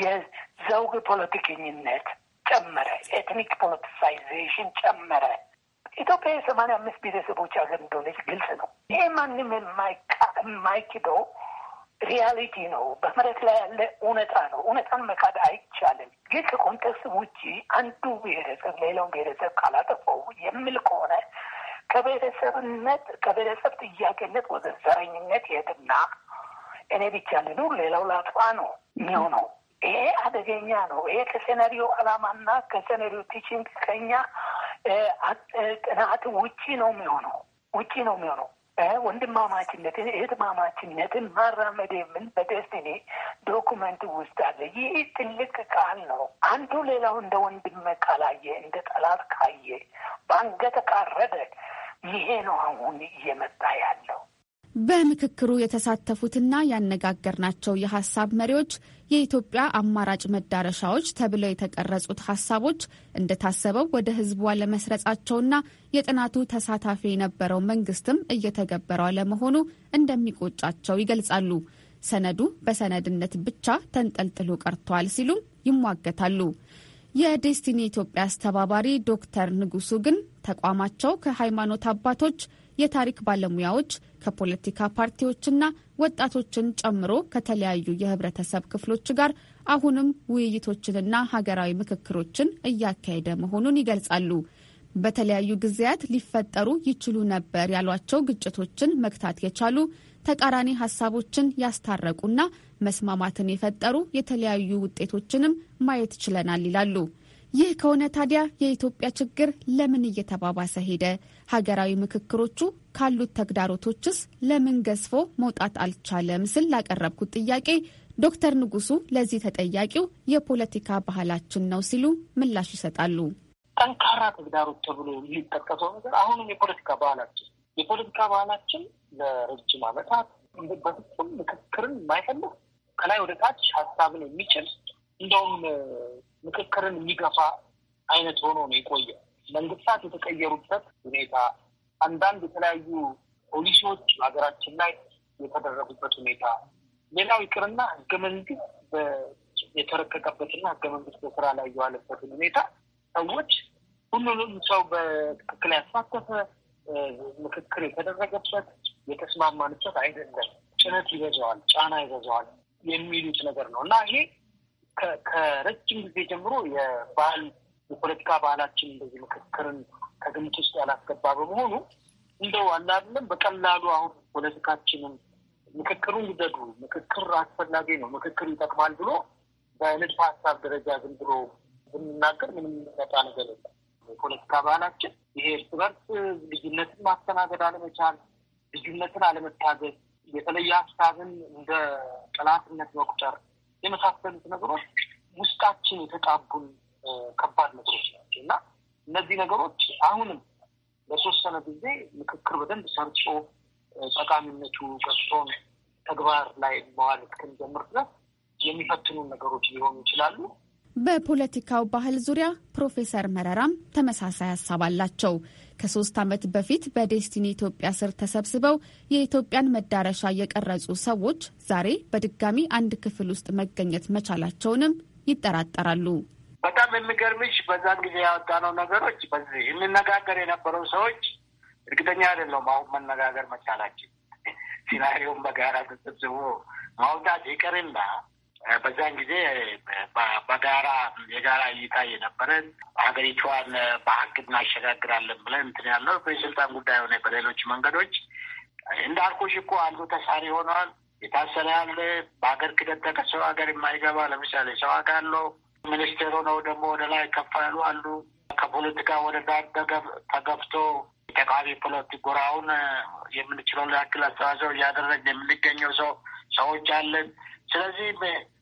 የዘውግ ፖለቲከኝነት ጨመረ፣ ኤትኒክ ፖለቲሳይዜሽን ጨመረ። ኢትዮጵያ የሰማንያ አምስት ቤተሰቦች ሀገር እንደሆነች ግልጽ ነው። ይህ ማንም የማይክደው ሪያሊቲ ነው። በመሬት ላይ ያለ እውነታ ነው። እውነታን መካድ አይቻልም። ግን ከኮንቴክስት ውጭ አንዱ ብሔረሰብ ሌላውን ብሔረሰብ ካላጠፋው የሚል ከሆነ ከብሔረሰብነት ከብሔረሰብ ጥያቄነት ወደ ዘረኝነት የትና እኔ ብቻ ልኑር ሌላው ላጥፋ ነው የሚሆነው። ይሄ አደገኛ ነው። ይሄ ከሴናሪዮ አላማና ከሴነሪዮ ቲችንግ ከኛ ጥናት ውጪ ነው የሚሆነው ውጪ ነው የሚሆነው። ወንድማማችነትን እህትማማችነትን ማራመድ የምን በደስቲኒ ዶኩመንት ውስጥ አለ። ይህ ትልቅ ቃል ነው። አንዱ ሌላው እንደ ወንድም ካላየ፣ እንደ ጠላት ካየ፣ በአንገት ካረደ፣ ይሄ ነው አሁን እየመጣ ያለው በምክክሩ የተሳተፉትና ያነጋገርናቸው የሀሳብ መሪዎች የኢትዮጵያ አማራጭ መዳረሻዎች ተብለው የተቀረጹት ሀሳቦች እንደታሰበው ወደ ሕዝቡ አለመስረጻቸውና የጥናቱ ተሳታፊ የነበረው መንግስትም እየተገበረ አለመሆኑ እንደሚቆጫቸው ይገልጻሉ። ሰነዱ በሰነድነት ብቻ ተንጠልጥሎ ቀርቷል ሲሉም ይሟገታሉ። የዴስቲኒ ኢትዮጵያ አስተባባሪ ዶክተር ንጉሱ ግን ተቋማቸው ከሃይማኖት አባቶች የታሪክ ባለሙያዎች ከፖለቲካ ፓርቲዎችና ወጣቶችን ጨምሮ ከተለያዩ የህብረተሰብ ክፍሎች ጋር አሁንም ውይይቶችንና ሀገራዊ ምክክሮችን እያካሄደ መሆኑን ይገልጻሉ። በተለያዩ ጊዜያት ሊፈጠሩ ይችሉ ነበር ያሏቸው ግጭቶችን መግታት የቻሉ ተቃራኒ ሀሳቦችን ያስታረቁና መስማማትን የፈጠሩ የተለያዩ ውጤቶችንም ማየት ችለናል ይላሉ። ይህ ከሆነ ታዲያ የኢትዮጵያ ችግር ለምን እየተባባሰ ሄደ? ሀገራዊ ምክክሮቹ ካሉት ተግዳሮቶችስ ለምን ገዝፎ መውጣት አልቻለም ስል ላቀረብኩት ጥያቄ ዶክተር ንጉሱ ለዚህ ተጠያቂው የፖለቲካ ባህላችን ነው ሲሉ ምላሽ ይሰጣሉ። ጠንካራ ተግዳሮት ተብሎ የሚጠቀሰው ነገር አሁንም የፖለቲካ ባህላችን የፖለቲካ ባህላችን ለረጅም ዓመታት በፍጹም ምክክርን የማይፈልግ ከላይ ወደ ታች ሀሳብን የሚችል እንደውም ምክክርን የሚገፋ አይነት ሆኖ ነው የቆየው። መንግስታት የተቀየሩበት ሁኔታ አንዳንድ የተለያዩ ፖሊሲዎች ሀገራችን ላይ የተደረጉበት ሁኔታ ሌላው ይቅርና ህገ መንግስት የተረቀቀበትና ህገ መንግስት በስራ ላይ የዋለበትን ሁኔታ ሰዎች ሁሉንም ሰው በትክክል ያሳተፈ ምክክር የተደረገበት የተስማማንበት አይደለም፣ ጭነት ይበዛዋል፣ ጫና ይበዛዋል የሚሉት ነገር ነው እና ይሄ ከረጅም ጊዜ ጀምሮ የባህል የፖለቲካ ባህላችን እንደዚህ ምክክርን ከግምት ውስጥ ያላስገባ በመሆኑ እንደው አላለም በቀላሉ አሁን ፖለቲካችንን ምክክሩን ውደዱ፣ ምክክር አስፈላጊ ነው፣ ምክክር ይጠቅማል ብሎ በንድፈ ሀሳብ ደረጃ ዝም ብሎ ብንናገር ምንም የሚመጣ ነገር የለም። የፖለቲካ ባህላችን ይሄ እርስ በርስ ልዩነትን ማስተናገድ አለመቻል፣ ልዩነትን አለመታገዝ፣ የተለየ ሀሳብን እንደ ጠላትነት መቁጠር የመሳሰሉት ነገሮች ውስጣችን የተጣቡን ከባድ ነገሮች ናቸው እና እነዚህ ነገሮች አሁንም ለሶስተነ ጊዜ ምክክር በደንብ ሰርጾ ጠቃሚነቱ ቀጥቶን ተግባር ላይ መዋል እስክንጀምር ድረስ የሚፈትኑ ነገሮች ሊሆኑ ይችላሉ። በፖለቲካው ባህል ዙሪያ ፕሮፌሰር መረራም ተመሳሳይ ሀሳብ አላቸው። ከሶስት ዓመት በፊት በዴስቲኒ ኢትዮጵያ ስር ተሰብስበው የኢትዮጵያን መዳረሻ የቀረጹ ሰዎች ዛሬ በድጋሚ አንድ ክፍል ውስጥ መገኘት መቻላቸውንም ይጠራጠራሉ። በጣም የሚገርምሽ በዛን ጊዜ ያወጣነው ነገሮች በዚህ የምነጋገር የነበረው ሰዎች እርግጠኛ አይደለሁም አሁን መነጋገር መቻላችን ሲናሪውን በጋራ ተሰብስቦ ማውጣት ይቅርና በዛን ጊዜ በጋራ የጋራ እይታ የነበረን ሀገሪቷን በሀቅ እናሸጋግራለን ብለን እንትን ያለው በስልጣን ጉዳይ ሆነ በሌሎች መንገዶች እንዳልኩሽ እኮ አንዱ ተሳሪ ሆነዋል። የታሰረ ያለ በሀገር ክደት ተከሰው ሀገር የማይገባ ለምሳሌ ሰው አውቃለሁ ሚኒስቴሩ ነው ደግሞ ወደ ላይ ከፍ ያሉ አሉ። ከፖለቲካ ወደ ዳር ተገብቶ ተቃቢ ፖለቲክ ፖለቲካውን የምንችለው ያክል አስተዋጽኦ እያደረግ የምንገኘው ሰው ሰዎች አለን። ስለዚህ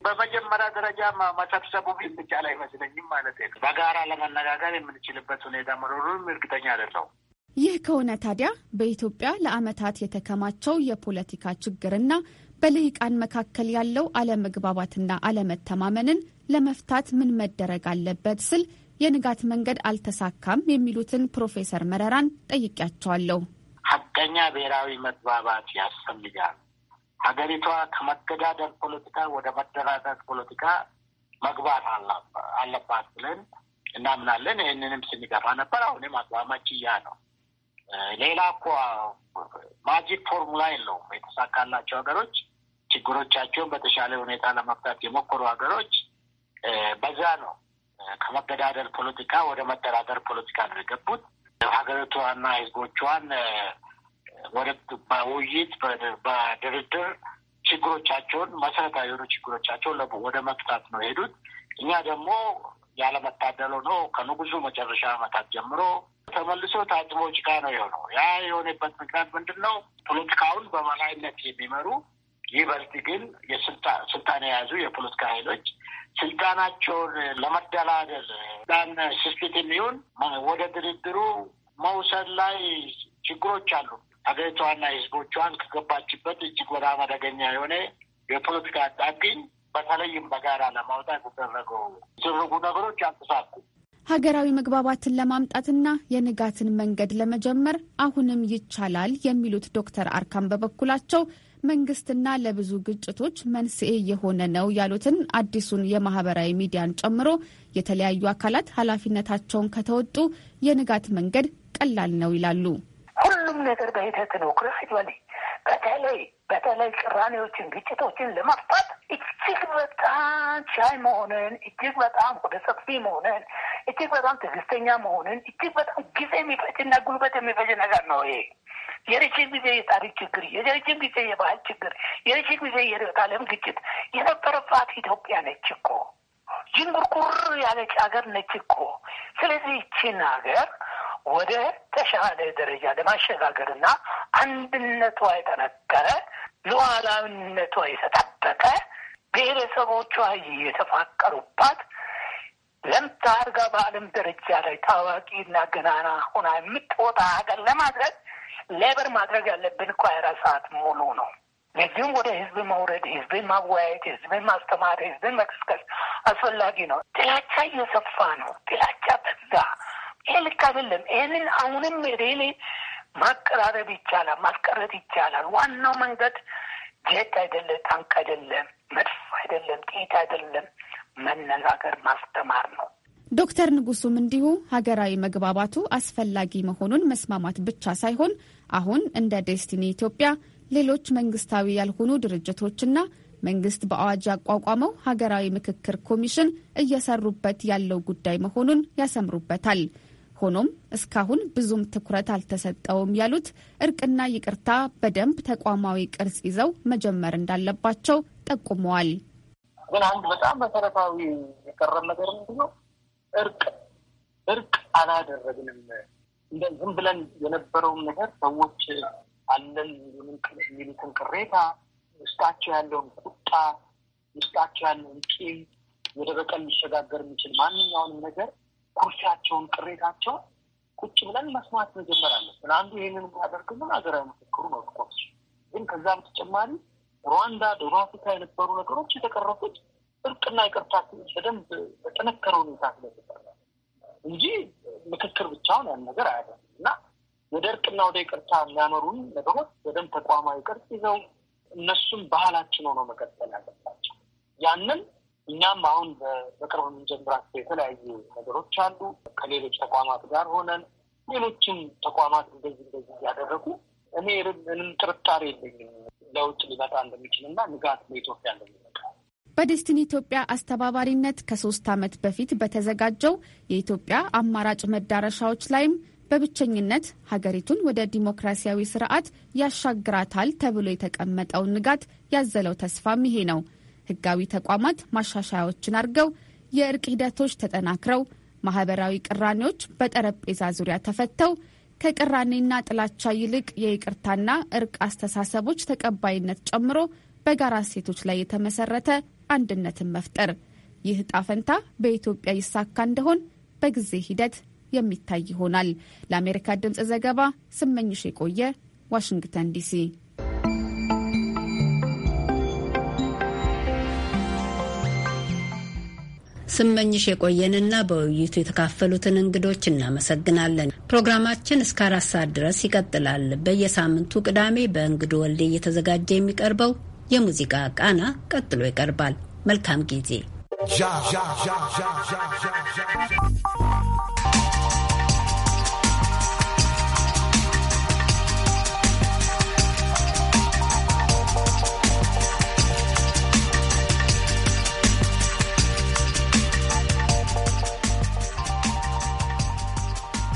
በመጀመሪያ ደረጃ መሰብሰቡ የሚቻል አይመስለኝም ማለት ነው። በጋራ ለመነጋገር የምንችልበት ሁኔታ መኖሩንም እርግጠኛ አይደለሁም። ይህ ከሆነ ታዲያ በኢትዮጵያ ለዓመታት የተከማቸው የፖለቲካ ችግርና በልሂቃን መካከል ያለው አለመግባባትና አለመተማመንን ለመፍታት ምን መደረግ አለበት ስል የንጋት መንገድ አልተሳካም የሚሉትን ፕሮፌሰር መረራን ጠይቂያቸዋለሁ። ሀቀኛ ብሔራዊ መግባባት ያስፈልጋል። ሀገሪቷ ከመገዳደር ፖለቲካ ወደ መደራደር ፖለቲካ መግባት አለባት ብለን እናምናለን። ይህንንም ስንገፋ ነበር። አሁንም አቋማች እያ ነው። ሌላ እኮ ማጂክ ፎርሙላ የለውም። የተሳካላቸው ሀገሮች ችግሮቻቸውን በተሻለ ሁኔታ ለመፍታት የሞከሩ ሀገሮች በዛ ነው ከመገዳደር ፖለቲካ ወደ መደራደር ፖለቲካ ነው የገቡት። ሀገሪቷና ህዝቦቿን ወደ በውይይት በድርድር ችግሮቻቸውን መሰረታዊ የሆኑ ችግሮቻቸውን ወደ መፍታት ነው የሄዱት። እኛ ደግሞ ያለመታደሉ ነው ከንጉሱ መጨረሻ ዓመታት ጀምሮ ተመልሶ ታጥቦ ጭቃ ነው የሆነው። ያ የሆነበት ምክንያት ምንድን ነው? ፖለቲካውን በበላይነት የሚመሩ ይበልጥ ግን ስልጣን የያዙ የፖለቲካ ኃይሎች ስልጣናቸውን ለመደላደል ዳን ስስት የሚሆን ወደ ድርድሩ መውሰድ ላይ ችግሮች አሉ። ሀገሪቷና ህዝቦቿን ከገባችበት እጅግ በጣም አደገኛ የሆነ የፖለቲካ አጣብቂኝ በተለይም በጋራ ለማውጣት የተደረገው የተደረጉ ነገሮች አልተሳኩም። ሀገራዊ መግባባትን ለማምጣትና የንጋትን መንገድ ለመጀመር አሁንም ይቻላል የሚሉት ዶክተር አርካም በበኩላቸው መንግስትና ለብዙ ግጭቶች መንስኤ የሆነ ነው ያሉትን አዲሱን የማህበራዊ ሚዲያን ጨምሮ የተለያዩ አካላት ኃላፊነታቸውን ከተወጡ የንጋት መንገድ ቀላል ነው ይላሉ። ሁሉም ነገር በሂደት ነው። ግራጁዋሊ በተለይ በተለይ ቅራኔዎችን፣ ግጭቶችን ለመፍታት እጅግ በጣም ቻይ መሆንን፣ እጅግ በጣም ወደ ሰፊ መሆንን፣ እጅግ በጣም ትዕግስተኛ መሆንን፣ እጅግ በጣም ጊዜ የሚፈጅና ጉልበት የሚፈጅ ነገር ነው ይሄ የረጅም ጊዜ የታሪክ ችግር፣ የረጅም ጊዜ የባህል ችግር፣ የረጅም ጊዜ የርዕዮተ ዓለም ግጭት የነበረባት ኢትዮጵያ ነች እኮ ጅንጉርጉር ያለች ሀገር ነች እኮ። ስለዚህ ይችን ሀገር ወደ ተሻለ ደረጃ ለማሸጋገርና አንድነቷ የጠነከረ ሉዓላዊነቷ የተጠበቀ ብሔረሰቦቿ የተፋቀሩባት ለምታርጋ በዓለም ደረጃ ላይ ታዋቂና ገናና ሆና የምትወጣ ሀገር ለማድረግ ሌበር ማድረግ ያለብን እኮ ሃያ ሰዓት ሙሉ ነው። ለዚሁም ወደ ህዝብ መውረድ፣ ህዝብን ማወያየት፣ ህዝብን ማስተማር፣ ህዝብን መቀስቀስ አስፈላጊ ነው። ጥላቻ እየሰፋ ነው። ጥላቻ በዛ። ይሄ ልክ አይደለም። ይህንን አሁንም ሬሌ ማቀራረብ ይቻላል፣ ማስቀረት ይቻላል። ዋናው መንገድ ጀት አይደለም፣ ታንክ አይደለም፣ መድፍ አይደለም፣ ጥይት አይደለም፣ መነጋገር ማስተማር ነው። ዶክተር ንጉሱም እንዲሁ ሀገራዊ መግባባቱ አስፈላጊ መሆኑን መስማማት ብቻ ሳይሆን አሁን እንደ ዴስቲኒ ኢትዮጵያ ሌሎች መንግስታዊ ያልሆኑ ድርጅቶችና መንግስት በአዋጅ ያቋቋመው ሀገራዊ ምክክር ኮሚሽን እየሰሩበት ያለው ጉዳይ መሆኑን ያሰምሩበታል። ሆኖም እስካሁን ብዙም ትኩረት አልተሰጠውም ያሉት እርቅና ይቅርታ በደንብ ተቋማዊ ቅርጽ ይዘው መጀመር እንዳለባቸው ጠቁመዋል። ግን አንድ በጣም መሰረታዊ የቀረ ነገር ምንድነው? እርቅ እርቅ አላደረግንም እንደ ዝም ብለን የነበረውን ነገር ሰዎች አለን የሚሉትን ቅሬታ፣ ውስጣቸው ያለውን ቁጣ፣ ውስጣቸው ያለውን ቂም ወደ በቀል ሊሸጋገር የሚችል ማንኛውንም ነገር ኩርሻቸውን፣ ቅሬታቸውን ቁጭ ብለን መስማት መጀመር አንዱ ይህንን ምን ሀገራዊ ምክክሩ ነው። ግን ከዛ በተጨማሪ ሩዋንዳ፣ ደቡብ አፍሪካ የነበሩ ነገሮች የተቀረፉት እርቅና ይቅርታ በደንብ በጠነከረ ሁኔታ ስለተሰራ እንጂ ምክክር ብቻውን ያን ነገር አያደርም እና ወደ እርቅና ወደ ይቅርታ የሚያመሩን ነገሮች በደንብ ተቋማዊ ቅርጽ ይዘው እነሱም ባህላችን ሆኖ መቀጠል ያለባቸው ያንን እኛም አሁን በቅርብ የምንጀምራቸው የተለያዩ ነገሮች አሉ። ከሌሎች ተቋማት ጋር ሆነን ሌሎችም ተቋማት እንደዚህ እንደዚህ እያደረጉ እኔ ምንም ጥርጣሬ የለኝም ለውጥ ሊመጣ እንደሚችል እና ንጋት ለኢትዮጵያ እንደሚ በዴስቲኒ ኢትዮጵያ አስተባባሪነት ከሶስት ዓመት በፊት በተዘጋጀው የኢትዮጵያ አማራጭ መዳረሻዎች ላይም በብቸኝነት ሀገሪቱን ወደ ዲሞክራሲያዊ ስርዓት ያሻግራታል ተብሎ የተቀመጠው ንጋት ያዘለው ተስፋም ይሄ ነው። ህጋዊ ተቋማት ማሻሻያዎችን አድርገው የእርቅ ሂደቶች ተጠናክረው ማህበራዊ ቅራኔዎች በጠረጴዛ ዙሪያ ተፈተው ከቅራኔና ጥላቻ ይልቅ የይቅርታና እርቅ አስተሳሰቦች ተቀባይነት ጨምሮ በጋራ ሴቶች ላይ የተመሰረተ አንድነትን መፍጠር። ይህ ጣፈንታ በኢትዮጵያ ይሳካ እንደሆን በጊዜ ሂደት የሚታይ ይሆናል። ለአሜሪካ ድምፅ ዘገባ ስመኝሽ የቆየ ዋሽንግተን ዲሲ። ስመኝሽ የቆየንና በውይይቱ የተካፈሉትን እንግዶች እናመሰግናለን። ፕሮግራማችን እስከ አራት ሰዓት ድረስ ይቀጥላል። በየሳምንቱ ቅዳሜ በእንግዱ ወልዴ እየተዘጋጀ የሚቀርበው የሙዚቃ ቃና ቀጥሎ ይቀርባል። መልካም ጊዜ።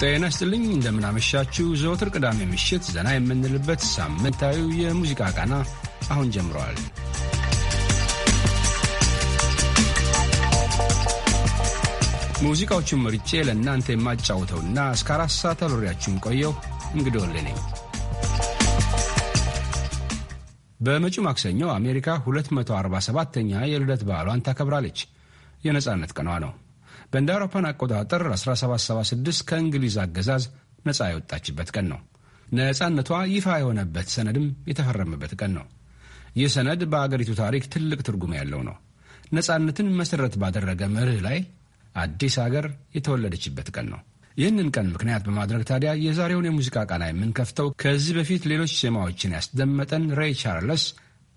ጤና ይስጥልኝ። እንደምናመሻችሁ። ዘወትር ቅዳሜ ምሽት ዘና የምንልበት ሳምንታዊ የሙዚቃ ቃና አሁን ጀምረዋል። ሙዚቃዎቹን መርጬ ለእናንተ የማጫውተውና እስከ አራት ሰዓት አብሬያችሁም ቆየው እንግዲህ ነኝ። በመጪው ማክሰኞ አሜሪካ 247ኛ የልደት በዓሏን ታከብራለች። የነጻነት ቀኗ ነው። በእንደ አውሮፓን አቆጣጠር 1776 ከእንግሊዝ አገዛዝ ነጻ የወጣችበት ቀን ነው። ነጻነቷ ይፋ የሆነበት ሰነድም የተፈረመበት ቀን ነው። ይህ ሰነድ በአገሪቱ ታሪክ ትልቅ ትርጉም ያለው ነው። ነጻነትን መሠረት ባደረገ መርህ ላይ አዲስ አገር የተወለደችበት ቀን ነው። ይህንን ቀን ምክንያት በማድረግ ታዲያ የዛሬውን የሙዚቃ ቃና የምንከፍተው ከዚህ በፊት ሌሎች ዜማዎችን ያስደመጠን ሬይ ቻርለስ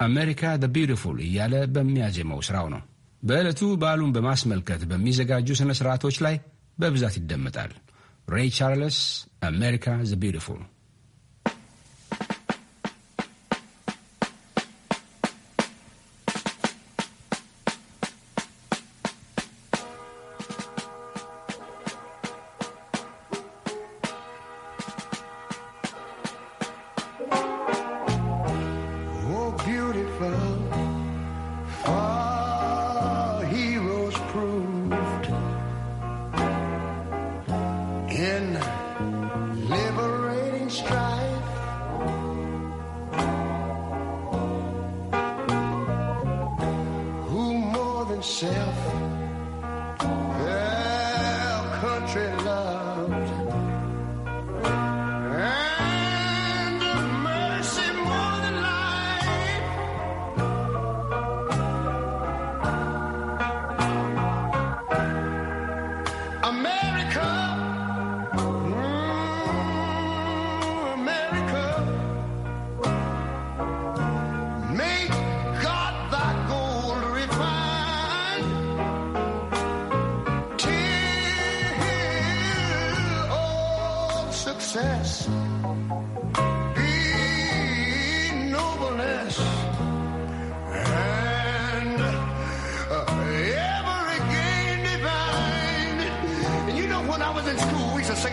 አሜሪካ ደ ቢውቲፉል እያለ በሚያዜመው ሥራው ነው። በዕለቱ በዓሉን በማስመልከት በሚዘጋጁ ሥነ ሥርዓቶች ላይ በብዛት ይደመጣል። ሬይ ቻርለስ አሜሪካ ዘ ቢውቲፉል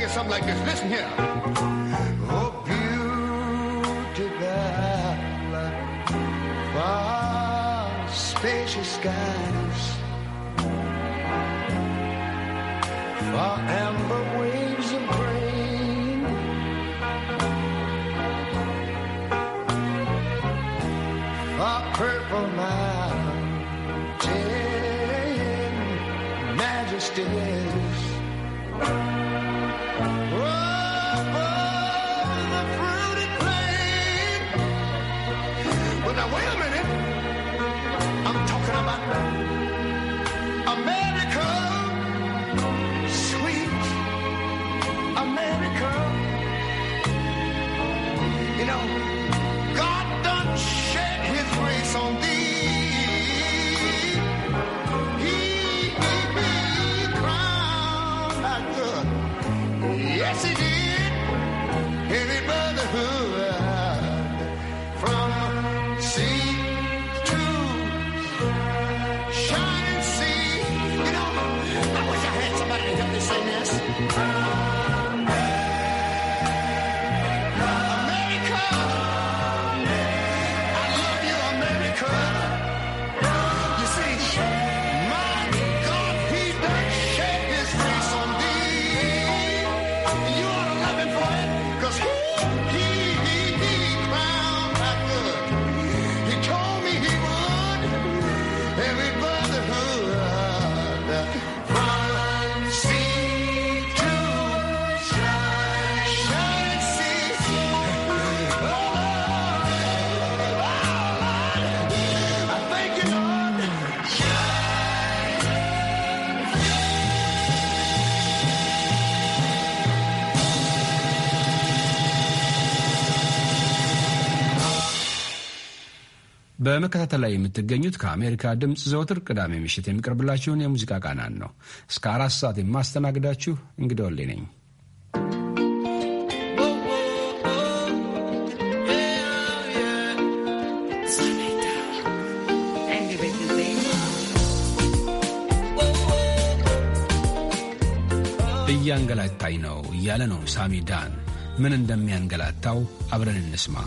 hear something like this. Listen here. በመከታተል ላይ የምትገኙት ከአሜሪካ ድምፅ ዘወትር ቅዳሜ ምሽት የሚቀርብላችሁን የሙዚቃ ቃናን ነው። እስከ አራት ሰዓት የማስተናግዳችሁ እንግዳ ወሌ ነኝ። እያንገላታኝ ነው እያለ ነው ሳሚ ዳን። ምን እንደሚያንገላታው አብረን እንስማ።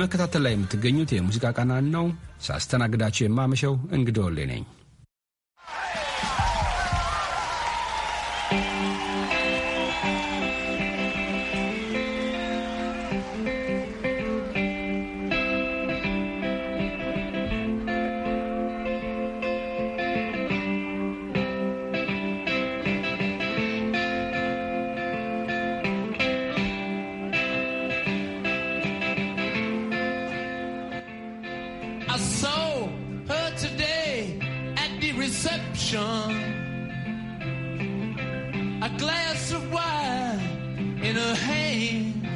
በመከታተል ላይ የምትገኙት የሙዚቃ ቃናን ነው። ሳስተናግዳችሁ የማመሸው እንግዶ ወሌ ነኝ። a glass of wine in her hand.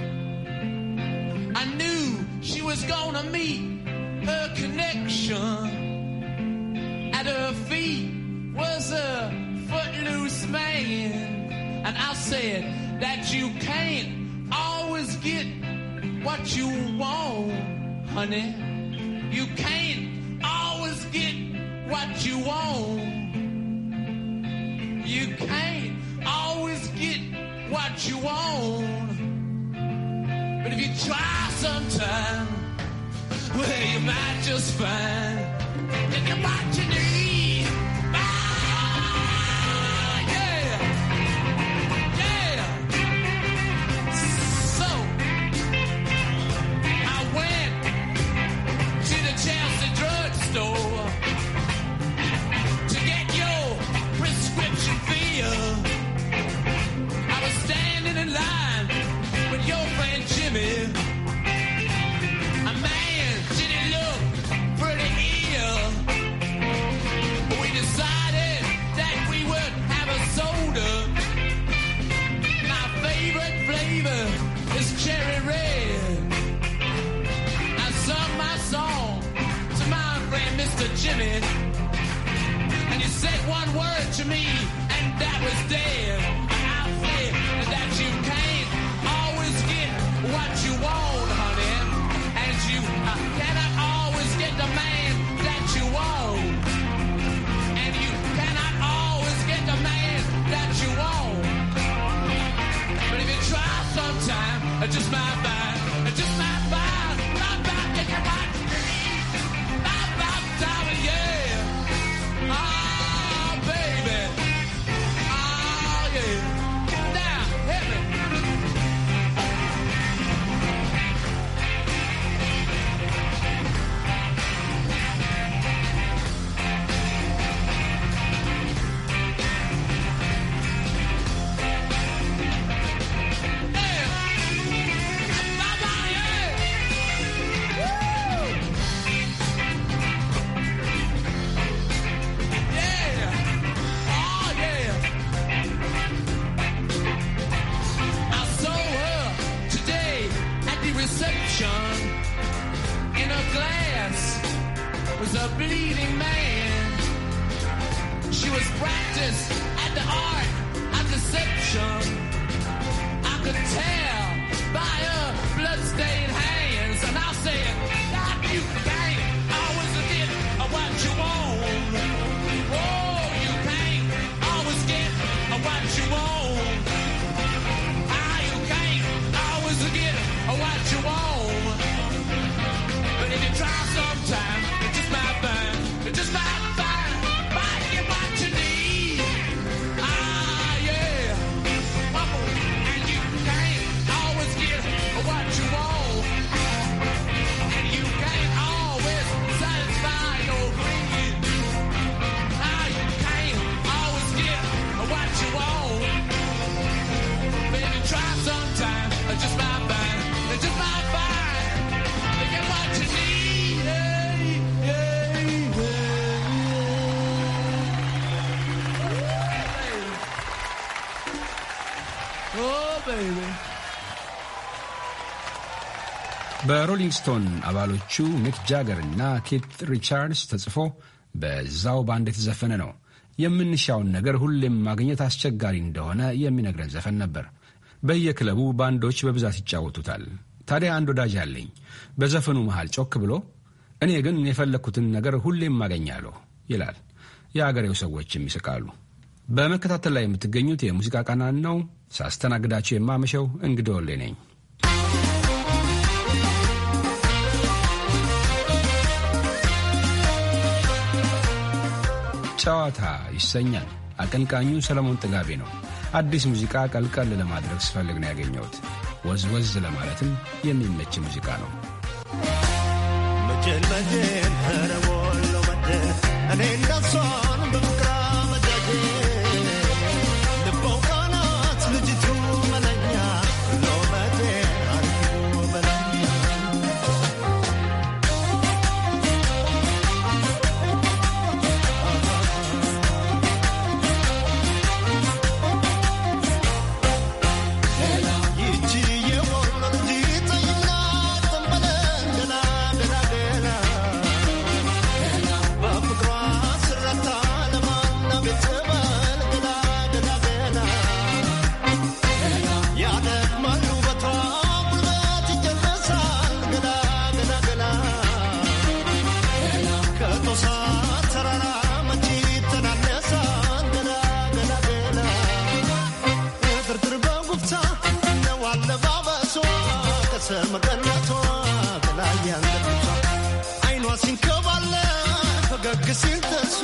I knew she was gonna meet her connection. At her feet was a footloose man. And I said that you can't always get what you want, honey. You can't always get what you want. what you want. But if you try sometime, well, you might just find that you might just said one word to me, and that was dead. I said that you can't always get what you want, honey. And you uh, cannot always get the man that you want. And you cannot always get the man that you want. But if you try sometime, just my Oh, በሮሊንግ ስቶን አባሎቹ ሚክ ጃገር እና ኬት ሪቻርድስ ተጽፎ በዛው ባንድ የተዘፈነ ነው። የምንሻውን ነገር ሁሌም ማግኘት አስቸጋሪ እንደሆነ የሚነግረን ዘፈን ነበር። በየክለቡ ባንዶች በብዛት ይጫወቱታል። ታዲያ አንድ ወዳጅ አለኝ በዘፈኑ መሃል ጮክ ብሎ እኔ ግን የፈለግኩትን ነገር ሁሌም አገኛለሁ ይላል። የአገሬው ሰዎችም ይስቃሉ። በመከታተል ላይ የምትገኙት የሙዚቃ ቃናን ነው። ሳስተናግዳችሁ የማመሸው እንግዶሌ ነኝ። ጨዋታ ይሰኛል። አቀንቃኙ ሰለሞን ጥጋቤ ነው። አዲስ ሙዚቃ ቀልቀል ለማድረግ ስፈልግ ነው ያገኘሁት። ወዝወዝ ለማለትም የሚመች ሙዚቃ ነው። መጀል መጀል ረቦሎ መደ እኔ መቀነቷ ከላይ ያንገቷ አይኗ ሲንከባለ ፈገግ ሲል ተሷ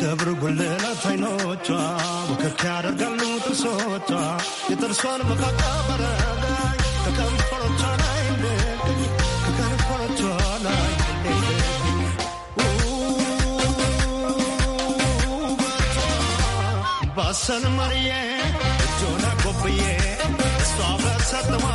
ደብር ጉልላት አይኖቿ ውክክ ያደርጋሉ ጥርሶቿ የጥርሷን መቃቃ በረጋይ ከከንፈሮቿ ላይ ከከንፈሮቿ ላይ ባሰን መርዬ சத்தமா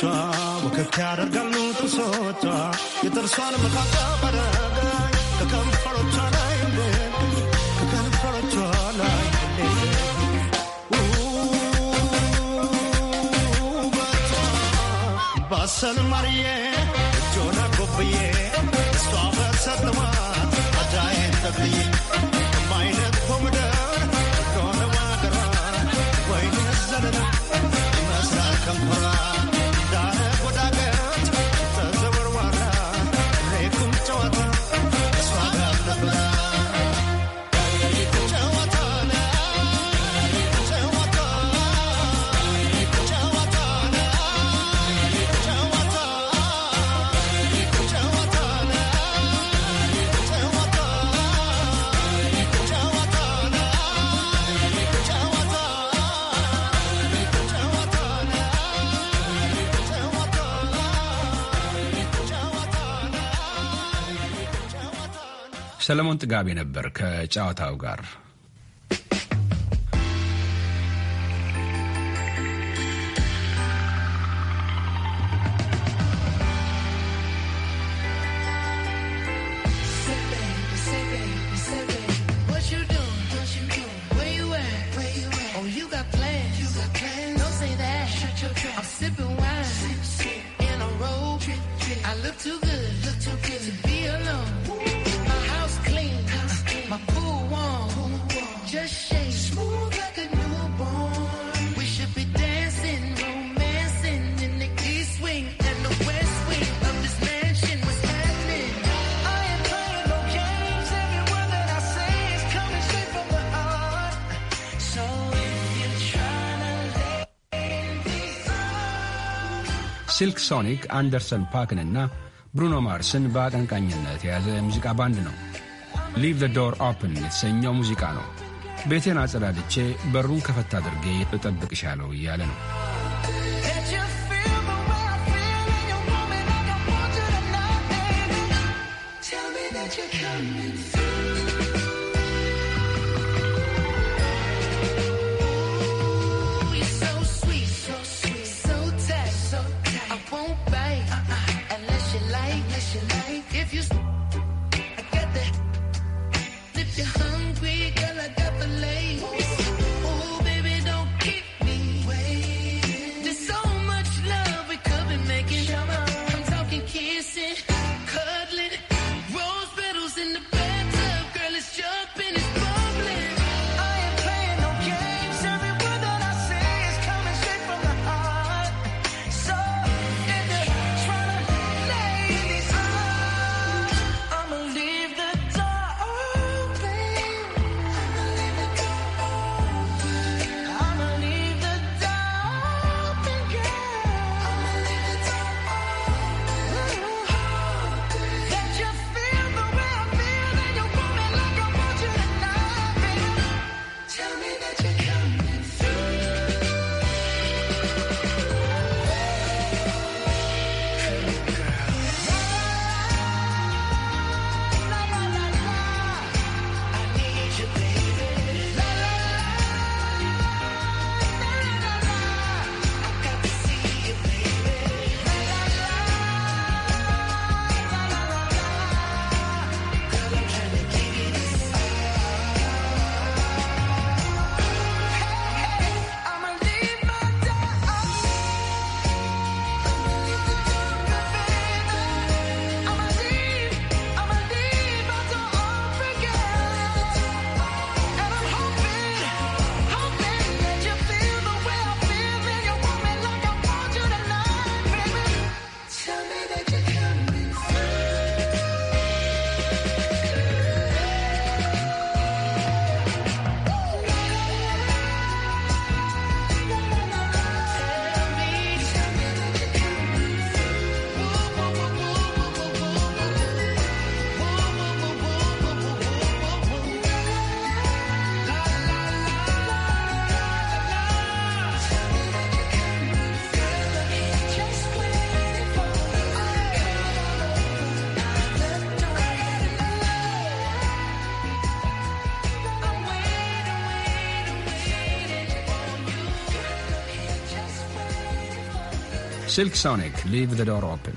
ጡቶቿ ወከት ያደርጋሉ ጥርሶቿ የጥርሷን መካጫ በረጋይ ከከንፈሮቿ ላይ ከከንፈሮቿ ላይ ሰለሞን ጥጋቤ ነበር ከጨዋታው ጋር ሲልክ ሶኒክ አንደርሰን ፓክንና ብሩኖ ማርስን በአቀንቃኝነት የያዘ የሙዚቃ ባንድ ነው። ሊቭ ዘ ዶር ኦፕን የተሰኘው ሙዚቃ ነው። ቤቴን አጸዳድቼ በሩን ከፈት አድርጌ እጠብቅሻለሁ እያለ ነው። Silk Sonic, Leave the Door Open.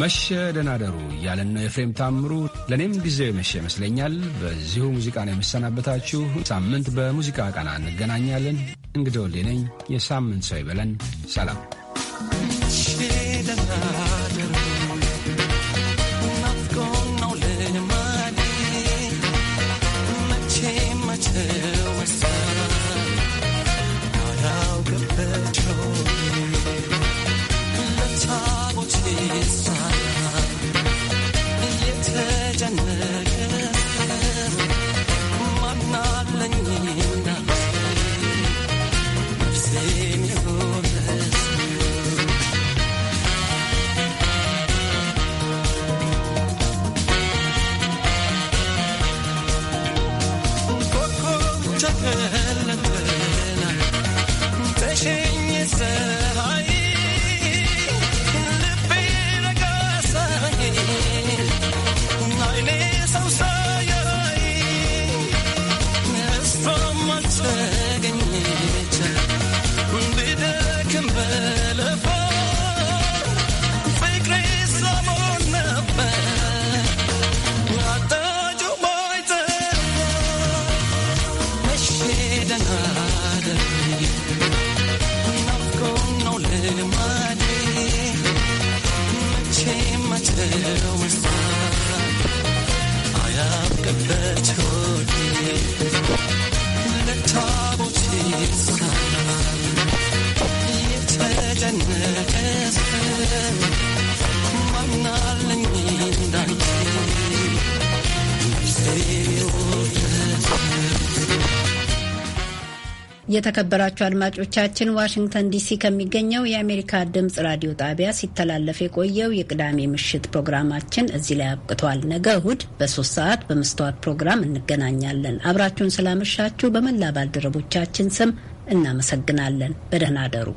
መሸ ደናደሩ እያለን ነው የፍሬም ታምሩ። ለእኔም ጊዜው የመሸ ይመስለኛል። በዚሁ ሙዚቃ ነው የምሰናበታችሁ። ሳምንት በሙዚቃ ቀና እንገናኛለን። እንግዲህ ወልዴ ነኝ። የሳምንት ሰው ይበለን። ሰላም የተከበራችሁ አድማጮቻችን ዋሽንግተን ዲሲ ከሚገኘው የአሜሪካ ድምፅ ራዲዮ ጣቢያ ሲተላለፍ የቆየው የቅዳሜ ምሽት ፕሮግራማችን እዚህ ላይ አብቅቷል። ነገ እሁድ በሶስት ሰዓት በመስተዋት ፕሮግራም እንገናኛለን። አብራችሁን ስላመሻችሁ በመላ ባልደረቦቻችን ስም እናመሰግናለን። በደህና አደሩ።